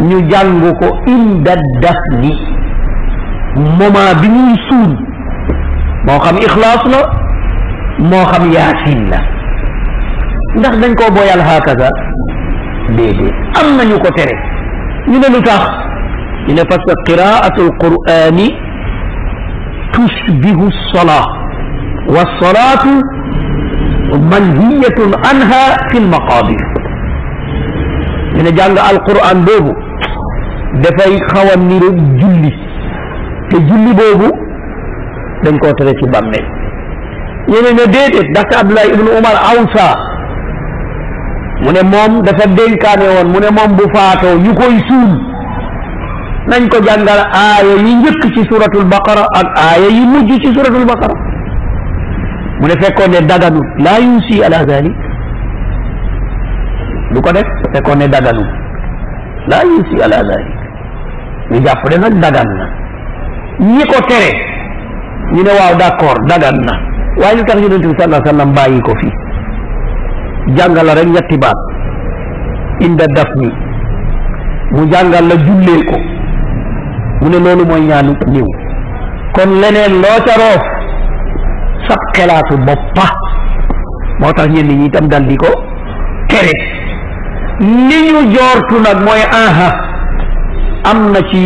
ñu jàng ko inda dafni moment bi ñuy suul mo xam ikhlas la mo xam yasin la ndax dañ ko boyal hakaza dede am nañu ko tere ñu ne lutax tax ñu ne parce que qiraatu alqurani tushbihu alsolaa walsolaatu manhiyatun anha fi almaqadir ñu ne jàng alquran boobu dafay xaw a niru julli te julli boobu dañ koo tere ci bàmmeel ñeneen ne déedéet ndaxte Abdullah ibnu Umar awsa mu ne moom dafa dénkaane woon mu ne moom bu faatoo ñu koy suul nañ ko jàngal aaya yi njëkk ci suratul baqara ak aaya yi mujj ci suratul baqara mu ne fekkoon ne daganul laa yuusi ala zalik du ko def fekkoon ne daganul laa yuusi ala zalik ñu jàpp daganna nag dagan na ñi ko tere ñu ne waaw d' accord dagan na waaye lu tax yonente bi salaa sallam ko fi jàngal rek ñetti baat inda dafni mu jàngal la julleel ko mu ñaanu niw kon leneen loo ca sab xelaatu boppa moo tax ñi dal di ko tere li ñu joortu nag mooy aha am na ci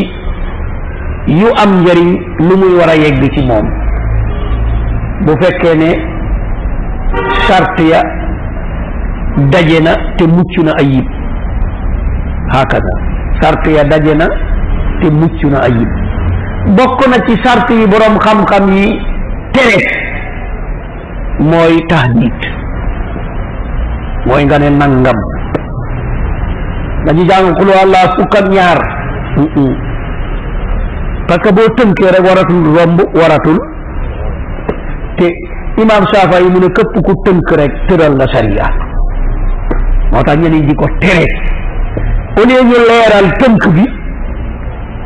yu am njëriñ lu muy war a yegg ci moom bu fekkee ne sart ya daje na te mucc na ayib hakaza sart ya daje na te mucc na ayib bokk na ci sart yi boroom xam-xam yi tere mooy tahdid mooy nga ne nangam dañu jàng xulu Allah fukk ñaar parce que boo tënkee rek waratul romb waratul te imam safa yi mu ne képp ku tënk rek tëral la sariya moo tax ñeneen di ko tere au lieu ñu leeral tënk bi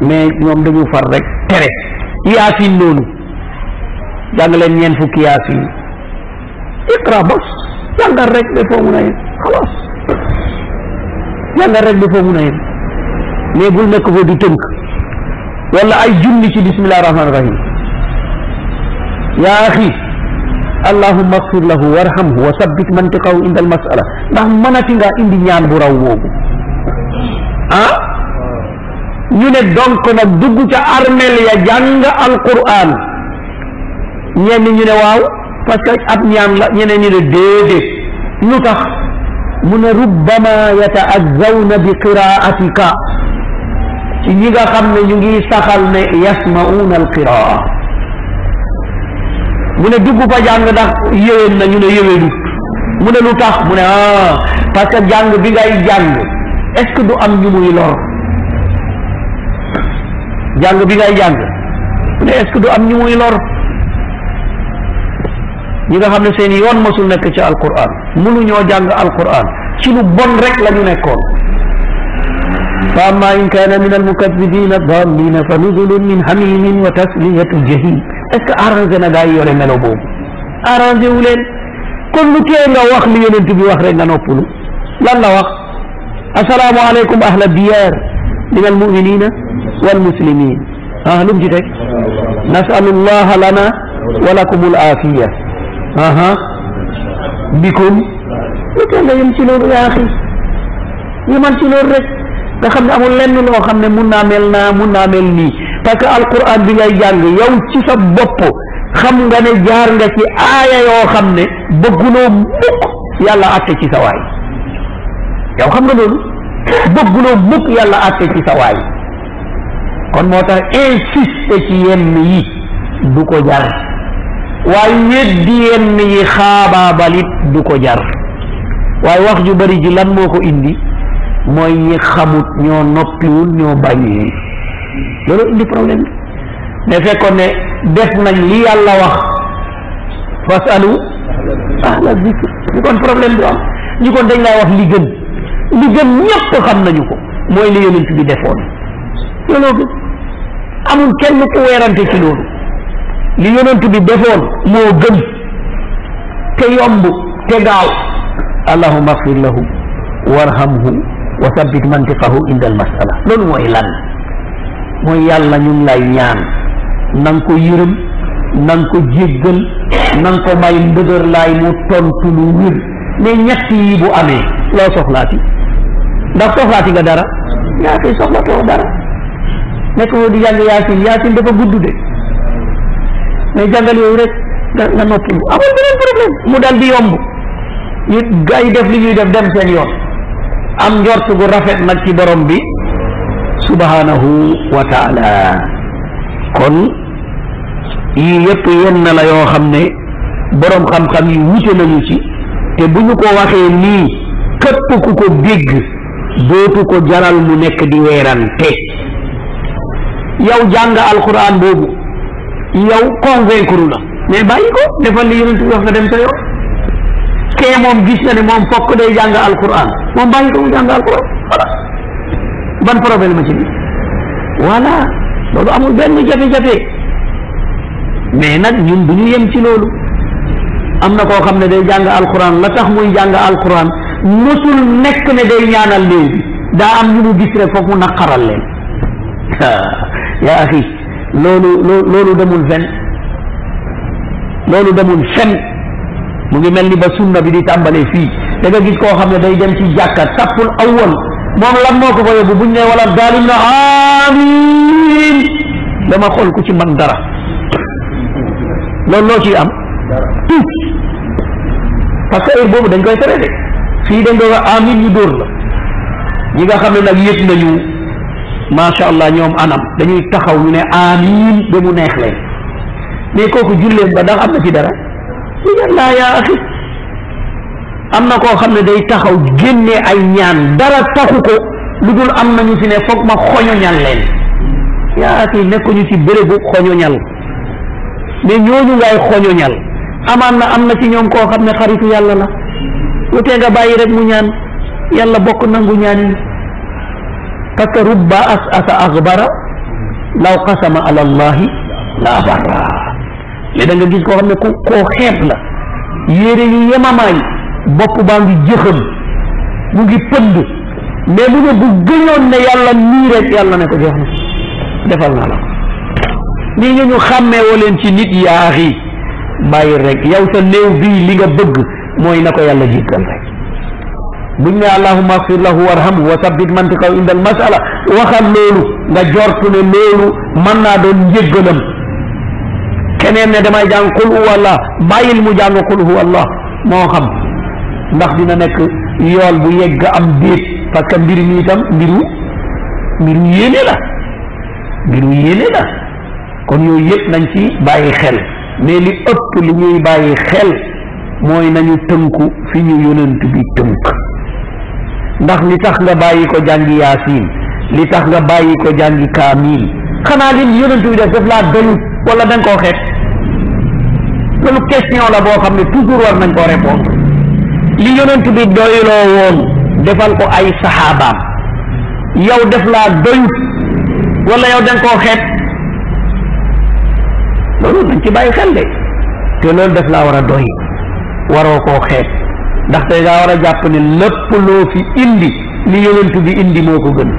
mais ñoom dañu far rek tere yaasin noonu jàng leen ñeen fukki rek ba foo mun a rek ba foo mais bul nekk fa di tënk wala ay junni ci bismillahi rahmaani rahim yaa axi allahumma agfir lahu warhamhu wa sabbit mantiqahu inda almasala ndax mënati nga indi ñaan bu raw boobu ah ñu ne donc nag dugg ca armel ya jàng alquran ñenn ñu ne waaw parce que ab ñaan la ñeneen ñu ne déedéet tax mu ne rubbama yataazawna bi qiraatika yiga xam ne sakal ngi Yasmaun Al kira. alqiraa mu ne dugg fa jàng ndax yéwén na ñu ne lu tax ah parce que jàng bi ngay jàng est ce que du am ñu muy lor jàng bi ngay jàng mu ne est ce que du am ñu muy lor ne bon rek la ñu nekkoon فأما إن كان من المكذبين الضالين فنزل من حميم وتسلية الجحيم اسك أرنز نداي ولا نلوبو أرنز ولن كل كيان واخ لي ينتي بي واخ رنا نوبلو لا لا السلام عليكم أهل الديار من المؤمنين والمسلمين أهلم جدك نسأل الله لنا ولكم العافية أها بكم لكن لا يمشي يا أخي يمشي لورك nga xam ne amul lenn loo xam ne mun naa mel naa mun naa mel nii parce que alquran bi ngay jàng yow ci sa bopp xam nga ne jaar nga ci aaya yoo xam ne bëgguloo mukk yàlla àtte ci sa waay yow xam nga loolu bëgguloo mukk yàlla àtte ci sa waay kon moo tax insister ci yenn yi du ko jar waaye weddi yenn yi xaabaabalit du ko jar waaye wax ju bari ji lan moo ko indi mooy ñi xamut ñoo noppiwul ñoo bàyyiwul loolu indi problème bi mais fekkoon ne def nañ li yàlla wax fasalu ahla zikr ñu kon problème bi am ñu kon dañ laa wax li gën li gën ñëpp xam nañu ko mooy li yonent bi defoon looloo gën amul kenn ku weerante ci loolu li yonent bi defoon moo gën te yomb te gaaw allahumma agfir lahum warhamhum wa sabbit mantiqahu indal mas'ala loolu mooy lan mooy yàlla ñu ngi lay ñaan nang ko yërëm nang ko jéggal nang ko may ndëgër laay mu tontu lu wér ne ñett yi bu amee loo soxlaati ndax soxlaati nga dara yaa koy soxlatoo dara nekk woo di jàng yaasin yaasin dafa gudd de mais jàngal yooyu rek nga nga noppalu amul beneen problème mu dal di yomb ñu gars def li ñuy def dem seen yoon am njort gu rafet nag ci borom bi subhanahu wa taala kon yii yëpp yenn la yoo xam ne boroom xam-xam yi wute nañu ci te bu ñu ko waxee nii képp ku ko dégg dootu ko jaral mu nekk di weerante yow jàng alquran boobu yow convaincre la mais bàyyi ko defal li wax nga dem sa yoon fekkee moom gis na moom fokk day jàng alquran moom bàyyi ko mu jàng alquran voilà ban problème ma ci bi voilà loolu amul benn jafe-jafe mais nag ñun du ñu yem ci loolu am na koo xam ne day jàng alquran la tax muy jàng alquran mosul nekk ne day ñaanal néew bi daa am ñu mu gis rek foog mu naqaral leen yaa axi loolu loolu fen mu ngi mel ni ba sunna bi di tàmbalee fii da nga gis koo xam ne day dem ci jàkka tappul awwal moom lan moo ko fa yóbbu bu ne wala daalin na amin dama xool ku ci man dara loolu loo ciy am parce que heure boobu dañ koy tere de fii dañ koy wax amin dóor la ñi nga xam ne nag yëg nañu macha allah ñoom anam dañuy taxaw ñu ne amin ba mu neex leen mais kooku julleen ba ndax am na ci dara jigéen laa yaa axi am na koo xam ne day taxaw génne ay ñaan dara taxu ko lu dul am nañu fi ne foog ma xoñoñal leen yaa axi nekkuñu ci bérébu xoñoñal mais ñooñu ngay xoñoñal amaan na am na ci ñoom koo xam ne xaritu yàlla la lu nga bàyyi rek mu ñaan yàlla bokk nangu ñaan yi parce que rubba as asa axbara law qasama ala allahi la mais da nga gis koo xam ne ku koo xeeb la yére yi yemamaay bokk baa ngi jëxam mu ngi pënd mais mu ne bu gëñoon ne yàlla nii rek yàlla ne ko jox na defal naa la nii nga ñu xàmmeewoo leen ci nit yaaxi bàyyi rek yow sa néew bii li nga bëgg mooy na ko yàlla jéggal rek buñ ne allahumma axfir lahu warhamhu wa sabbit mantiqahu inda al masala waxal loolu nga jortu ne loolu mën naa doon njéggalam keneen ne damay jàng qul huwa allah bàyyil mu jàng qul huwa allah moo xam ndax dina nekk yool bu yegg am déet parce que mbir mi itam mbiru mbiru yéene la mbiru yéene la kon yooyu yëpp nañ ci bàyyi xel mais li ëpp li ñuy bàyyi xel mooy nañu tënku fi ñu yonent bi tënk ndax li tax nga bàyyi ko jàngi yaasin li tax nga bàyyi ko jàngi kaamil xanaa li yonent bi def daf laa doyut wala da nga koo xeet loolu question la boo xam ne toujours war nañ ko répondre li yonent bi doyloo woon defal ko ay saxaabaam yow def laa doy, wala yow da nga koo xeet loolu dañ ci bàyyi xel de te loolu def laa war doy waro koo xeet ndaxte ngaa war a jàpp ne lépp loo fi indi li yonent bi indi moo ko gën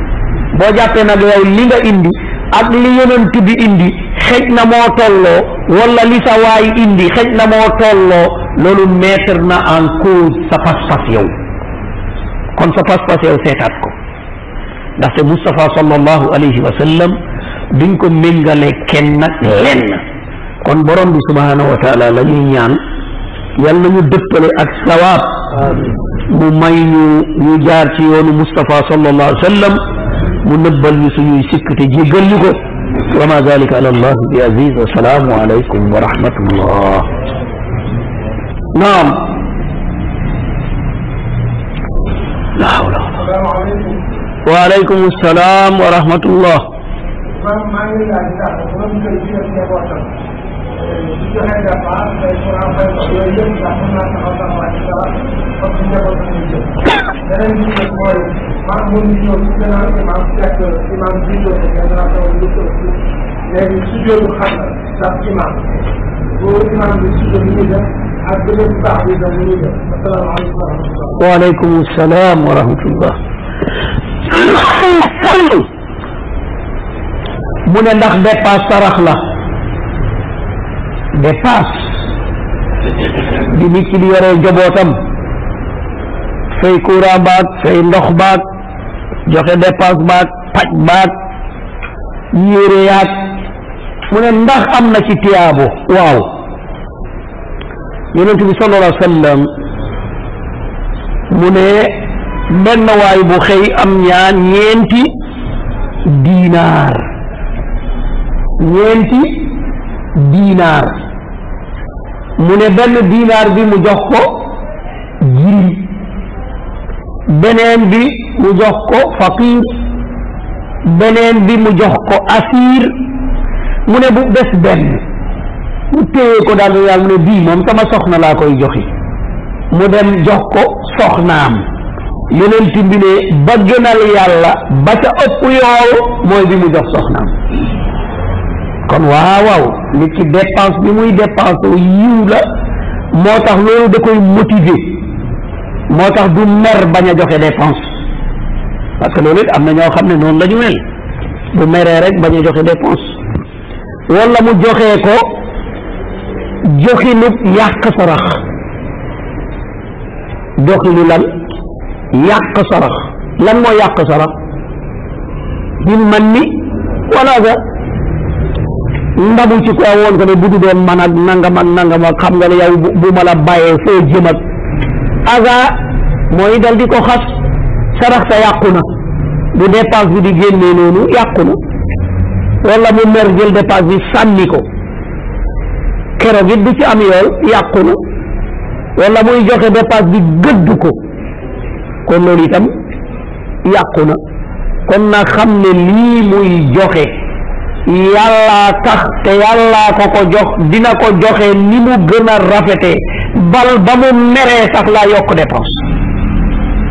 boo jàppee nag yow li nga indi ak li yonent bi indi xëj na moo tolloo wala li sa waay indi xëj na moo tolloo loolu mettre na en cause sa pas-pas yow kon sa pas-pas yow seetaat ko ndaxte Moustapha sallallahu alayhi wa sallam duñ ko méngale kenn nag lenn kon borom bi subhanahu wa taala ñaan yàlla ñu dëppale ak sawaab mu may ñu ñu jaar ci yoonu Moustapha sallallahu alayhi wa sallam mu nëbbal ñu suñuy sikk te jéggal ñu ko wa ma zalika ala allah bi aziz assalaamu aleykum wa rahmatullah naam la hawla wa aleykum salaam wa rahmatullah waaleykum salaam wa rahmatullah mu ne ndax dépasse sarax la dépasse bi nit ki di yoree njabootam fay courant baag fay ndox baag joxe dépense baag paj baag yére yaag mu ne ndax am na ci waaw yonent bi sallallahu alayhi wa sallam mu ne benn waay bu xëy am ñaan ñeenti diinaar ñeenti diinaar mu ne benn diinaar bi mu jox ko jirim beneen bi mu jox ko faqiir beneen bi mu jox ko asiir mu ne bu des benn mu téye ko daal yàlla ne bii moom sama soxna laa koy joxi mu dem jox ko soxnaam yeneen timbi ne ba gënal yàlla ba ca ëpp yool mooy bi mu jox soxnaam kon waaw waaw nit ki dépense bi muy dépense yiw la moo tax loolu da koy motiver moo tax du mer bañ a joxe dépense parce que loolu it am na ñoo xam ne noonu lañu ñu mel bu meree rek bañ a joxe dépense wala mu joxee ko joxinu yàq sarax joxinu lan yàq sarax lan mooy yàq sarax bil man ni wala ndamu ci kaw woon ko ne bu du doon man ak nangam xam nga ne yow bu ma la foo jëm ak aga mooy dal di ko xas sarax sa yàqu na bu dépense bi di génnee noonu yàqu na wala mu mer jël dépense sànni ko keroog it du ci am yool yàqu na wala muy joxe dépense bi gëdd ko kon loolu itam yàqu na kon na xam ne lii muy joxe yàllaa tax te yàllaa ko ko jox dina ko joxe ni mu gën a rafete bal ba mu meree sax laa yokk dépense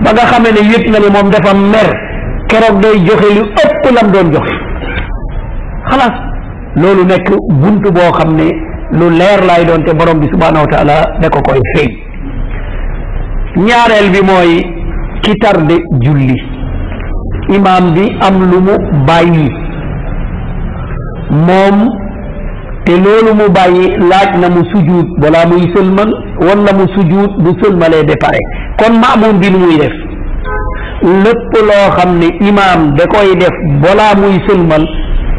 ba nga xamee ne yëg na ne moom dafa mer keroog day joxe lu ëpp lam doon joxe xalaas loolu nekk buntu boo xam ne lu leer lay doon te borom bi subhaanahu wa da ko koy feeñ ñaareel bi mooy ki tarde julli imaam bi am lu mu bàyyi moom te loolu mu bàyyi laaj na mu sujuut balaa muy sëlmal wala mu sujuut bu sëlmalee ba pare kon maamuum bi nu muy def lépp loo xam ne imaam da koy def balaa muy sëlmal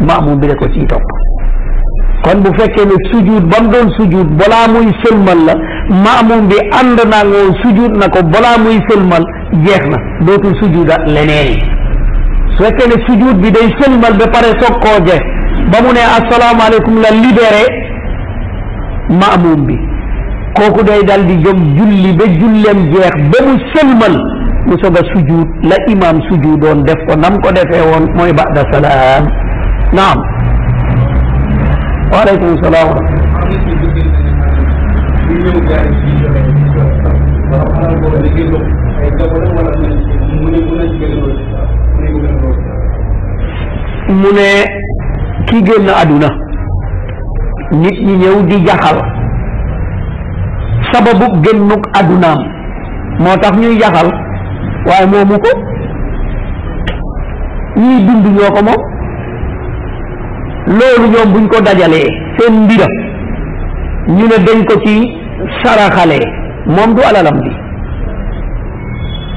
maamuum bi da ko ciy topp kon bu fekkee ne sujuut ba mu doon sujuut balaa muy sëlmal la maamuum bi ànd naa ngoo sujuut na ko balaa muy sëlmal jeex na dootul sujuudaat leneen yi fekkee ne sujuut bi day sëlmal ba pare soog koo jeex ba mu ne asalaamaaleykum la libéré maamum bi kooku day dal di jom julli ba julleem jeex ba mu sëlmal mu soog a la imaam sujuudoon def ko nam ko defee woon mooy ba'da salaam naam waaleykum salaam mu ne kii génn àdduna nit ñi ñëw di jaxal sababu génnuk àddunaam moo tax ñuy jaxal waaye moomu ko ñuy dund ñoo ko moom loolu ñoom buñ ko dajalee seen mbira ñu ne dañ ko ci saraxalee moom du alalam bi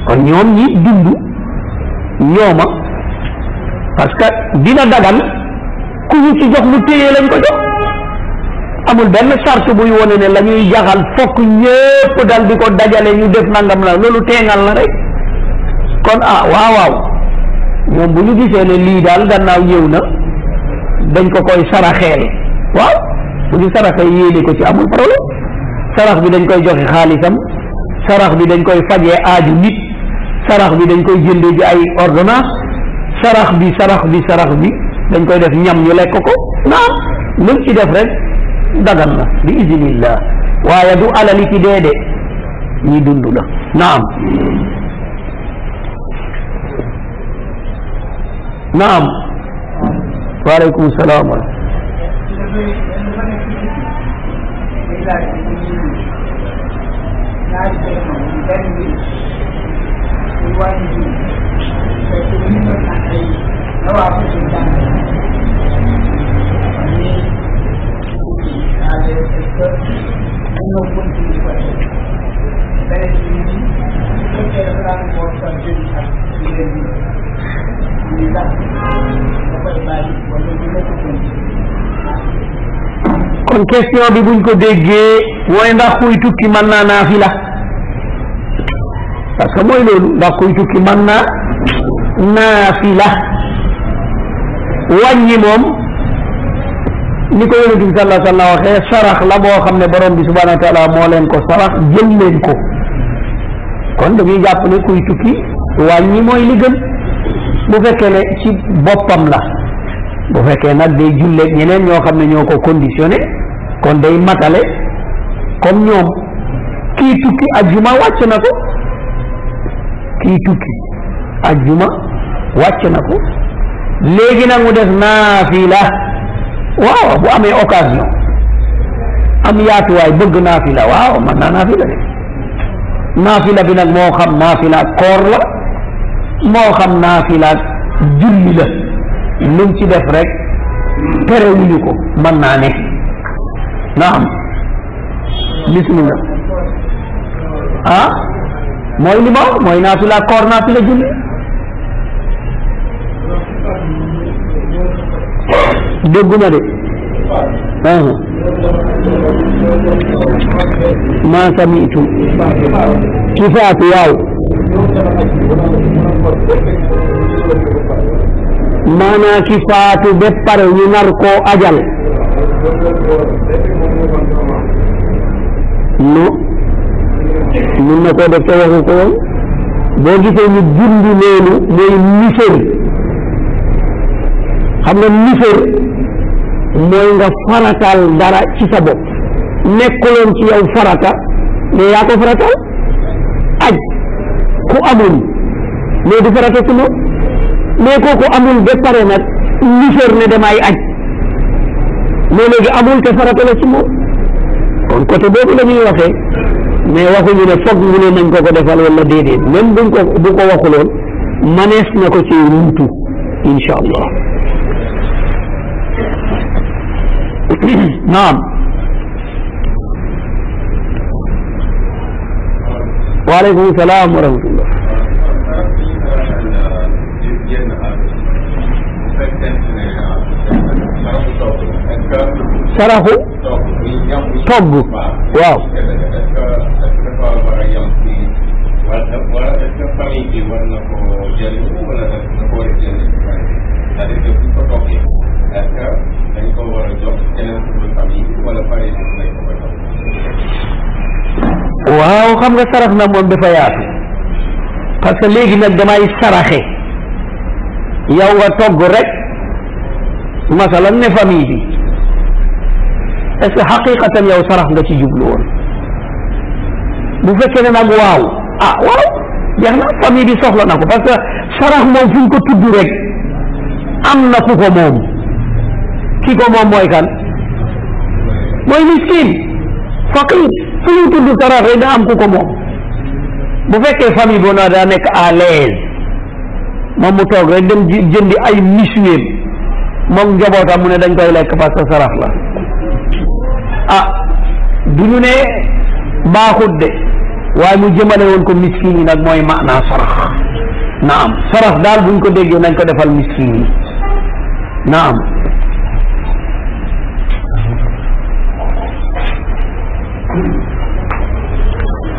kon ñoom ñi dund ñooma parce dina dagan ku ñu ci jox mu téye lañ ko jox amul benn charte buy wone ne lañuy jaxal fokk ñépp dal di ko dajale ñu def nangam la loolu teengal la rek kon ah waaw waaw ñoom bu ñu gisee ne lii daal gannaaw ñëw na dañ ko koy saraxeel waaw bu ñu saraxee yéene ko ci amul problème sarax bi dañ koy joxe xaalisam sarax bi dañ koy fajee aaju nit sarax bi dañ koy jëndee ji ay ordonnance sarax bi sarax bi sarax bi dañ koy def ñam ñu lekk ko naam lu ci def rek dagan na bi iznillah waaye du alali ki dee de ñi dund la naam naam waaleykum salaam wa dañoo continué wàllu bi ñu fekkee dafa daan boole sax jënd ak jigéen ñi ñu tax da koy bàyyi wala ñu nekk kon question bi buñ ko déggee mooy ndax kuy tukki mën naa naafila parce que mooy mën naa naafila wàññi ni ko yonent bi sa alayhi wa sallam waxee sarax la boo xam ne borom bi subhanahu moo leen ko sarax jël leen ko kon dañuy jàpp ne kuy tukki wàññi mooy li gën bu fekkee ne ci boppam la bu fekkee nag day julleeg ñeneen ñoo xam ne ñoo ko conditionné kon day matale kon ñoom kii tukki ajjuma wàcc na ko kii tukki ajjuma wàcc na ko léegi nag mu def naafila waaw bu amee occasion am yaatuwaay bëgg naafila waaw man naa naafila de naafila bi nag moo xam naafila koor la moo xam naafila julli la lu mu ci def rek terewuñu ko man naa ne naam bismillah ah mooy li mooy naafila koor naafila julli dégguma de ci ah. samitu kifaatu waaw maana kifaatu ba pare ñu nar koo ajal no mun na koo def te waxu ko boo gisee ñu dindi loolu mooy nisër xam nga nisër mooy nga farataal dara ci sa bopp nekkuloon ci yow farata mais yaa ko farataal aj ku amul mais du farata ci moom mais kooku amul ba pare nag nisër ne damay aj mais léegi amul te farata la ci moom kon côté boobu la waxee mais waxuñu ne foog mu ne nañ ko ko defal wala déedéet même buñ ko bu ko waxuloon manees na ko ci ruutu incha नाम वालेकुम सलाम वरहमतुल्ला شرح طب واو waaw xam nga sarax na moom dafa yaatu parce que léegi nag damay saraxe yow nga togg rek masalan ne famille bi est ce que sarax nga ci jublu bu fekkee ne nag waaw ah waaw jeex na soxla na ko parce que sarax moom fu ko tudd rek am na ku ko moom ki ko moom mooy kan mooy miskin faqir su ñu tudd sarax rek am ku ko moom bu fekkee famille boo daa nekk à l'aise moom mu toog rek dem jëndi ay misuweem moom njabootam mu ne dañ koy la parce que sarax la ah du ñu ne baaxut de waaye mu jëmale woon ko miskin yi nag mooy maanaa sarax naam sarax daal buñ ko déggee nañ ko defal miskin yi naam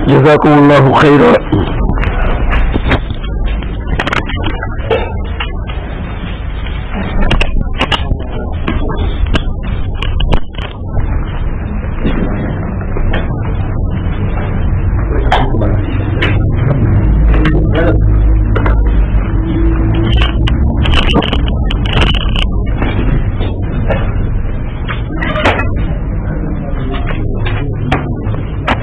جزاكم الله خيرا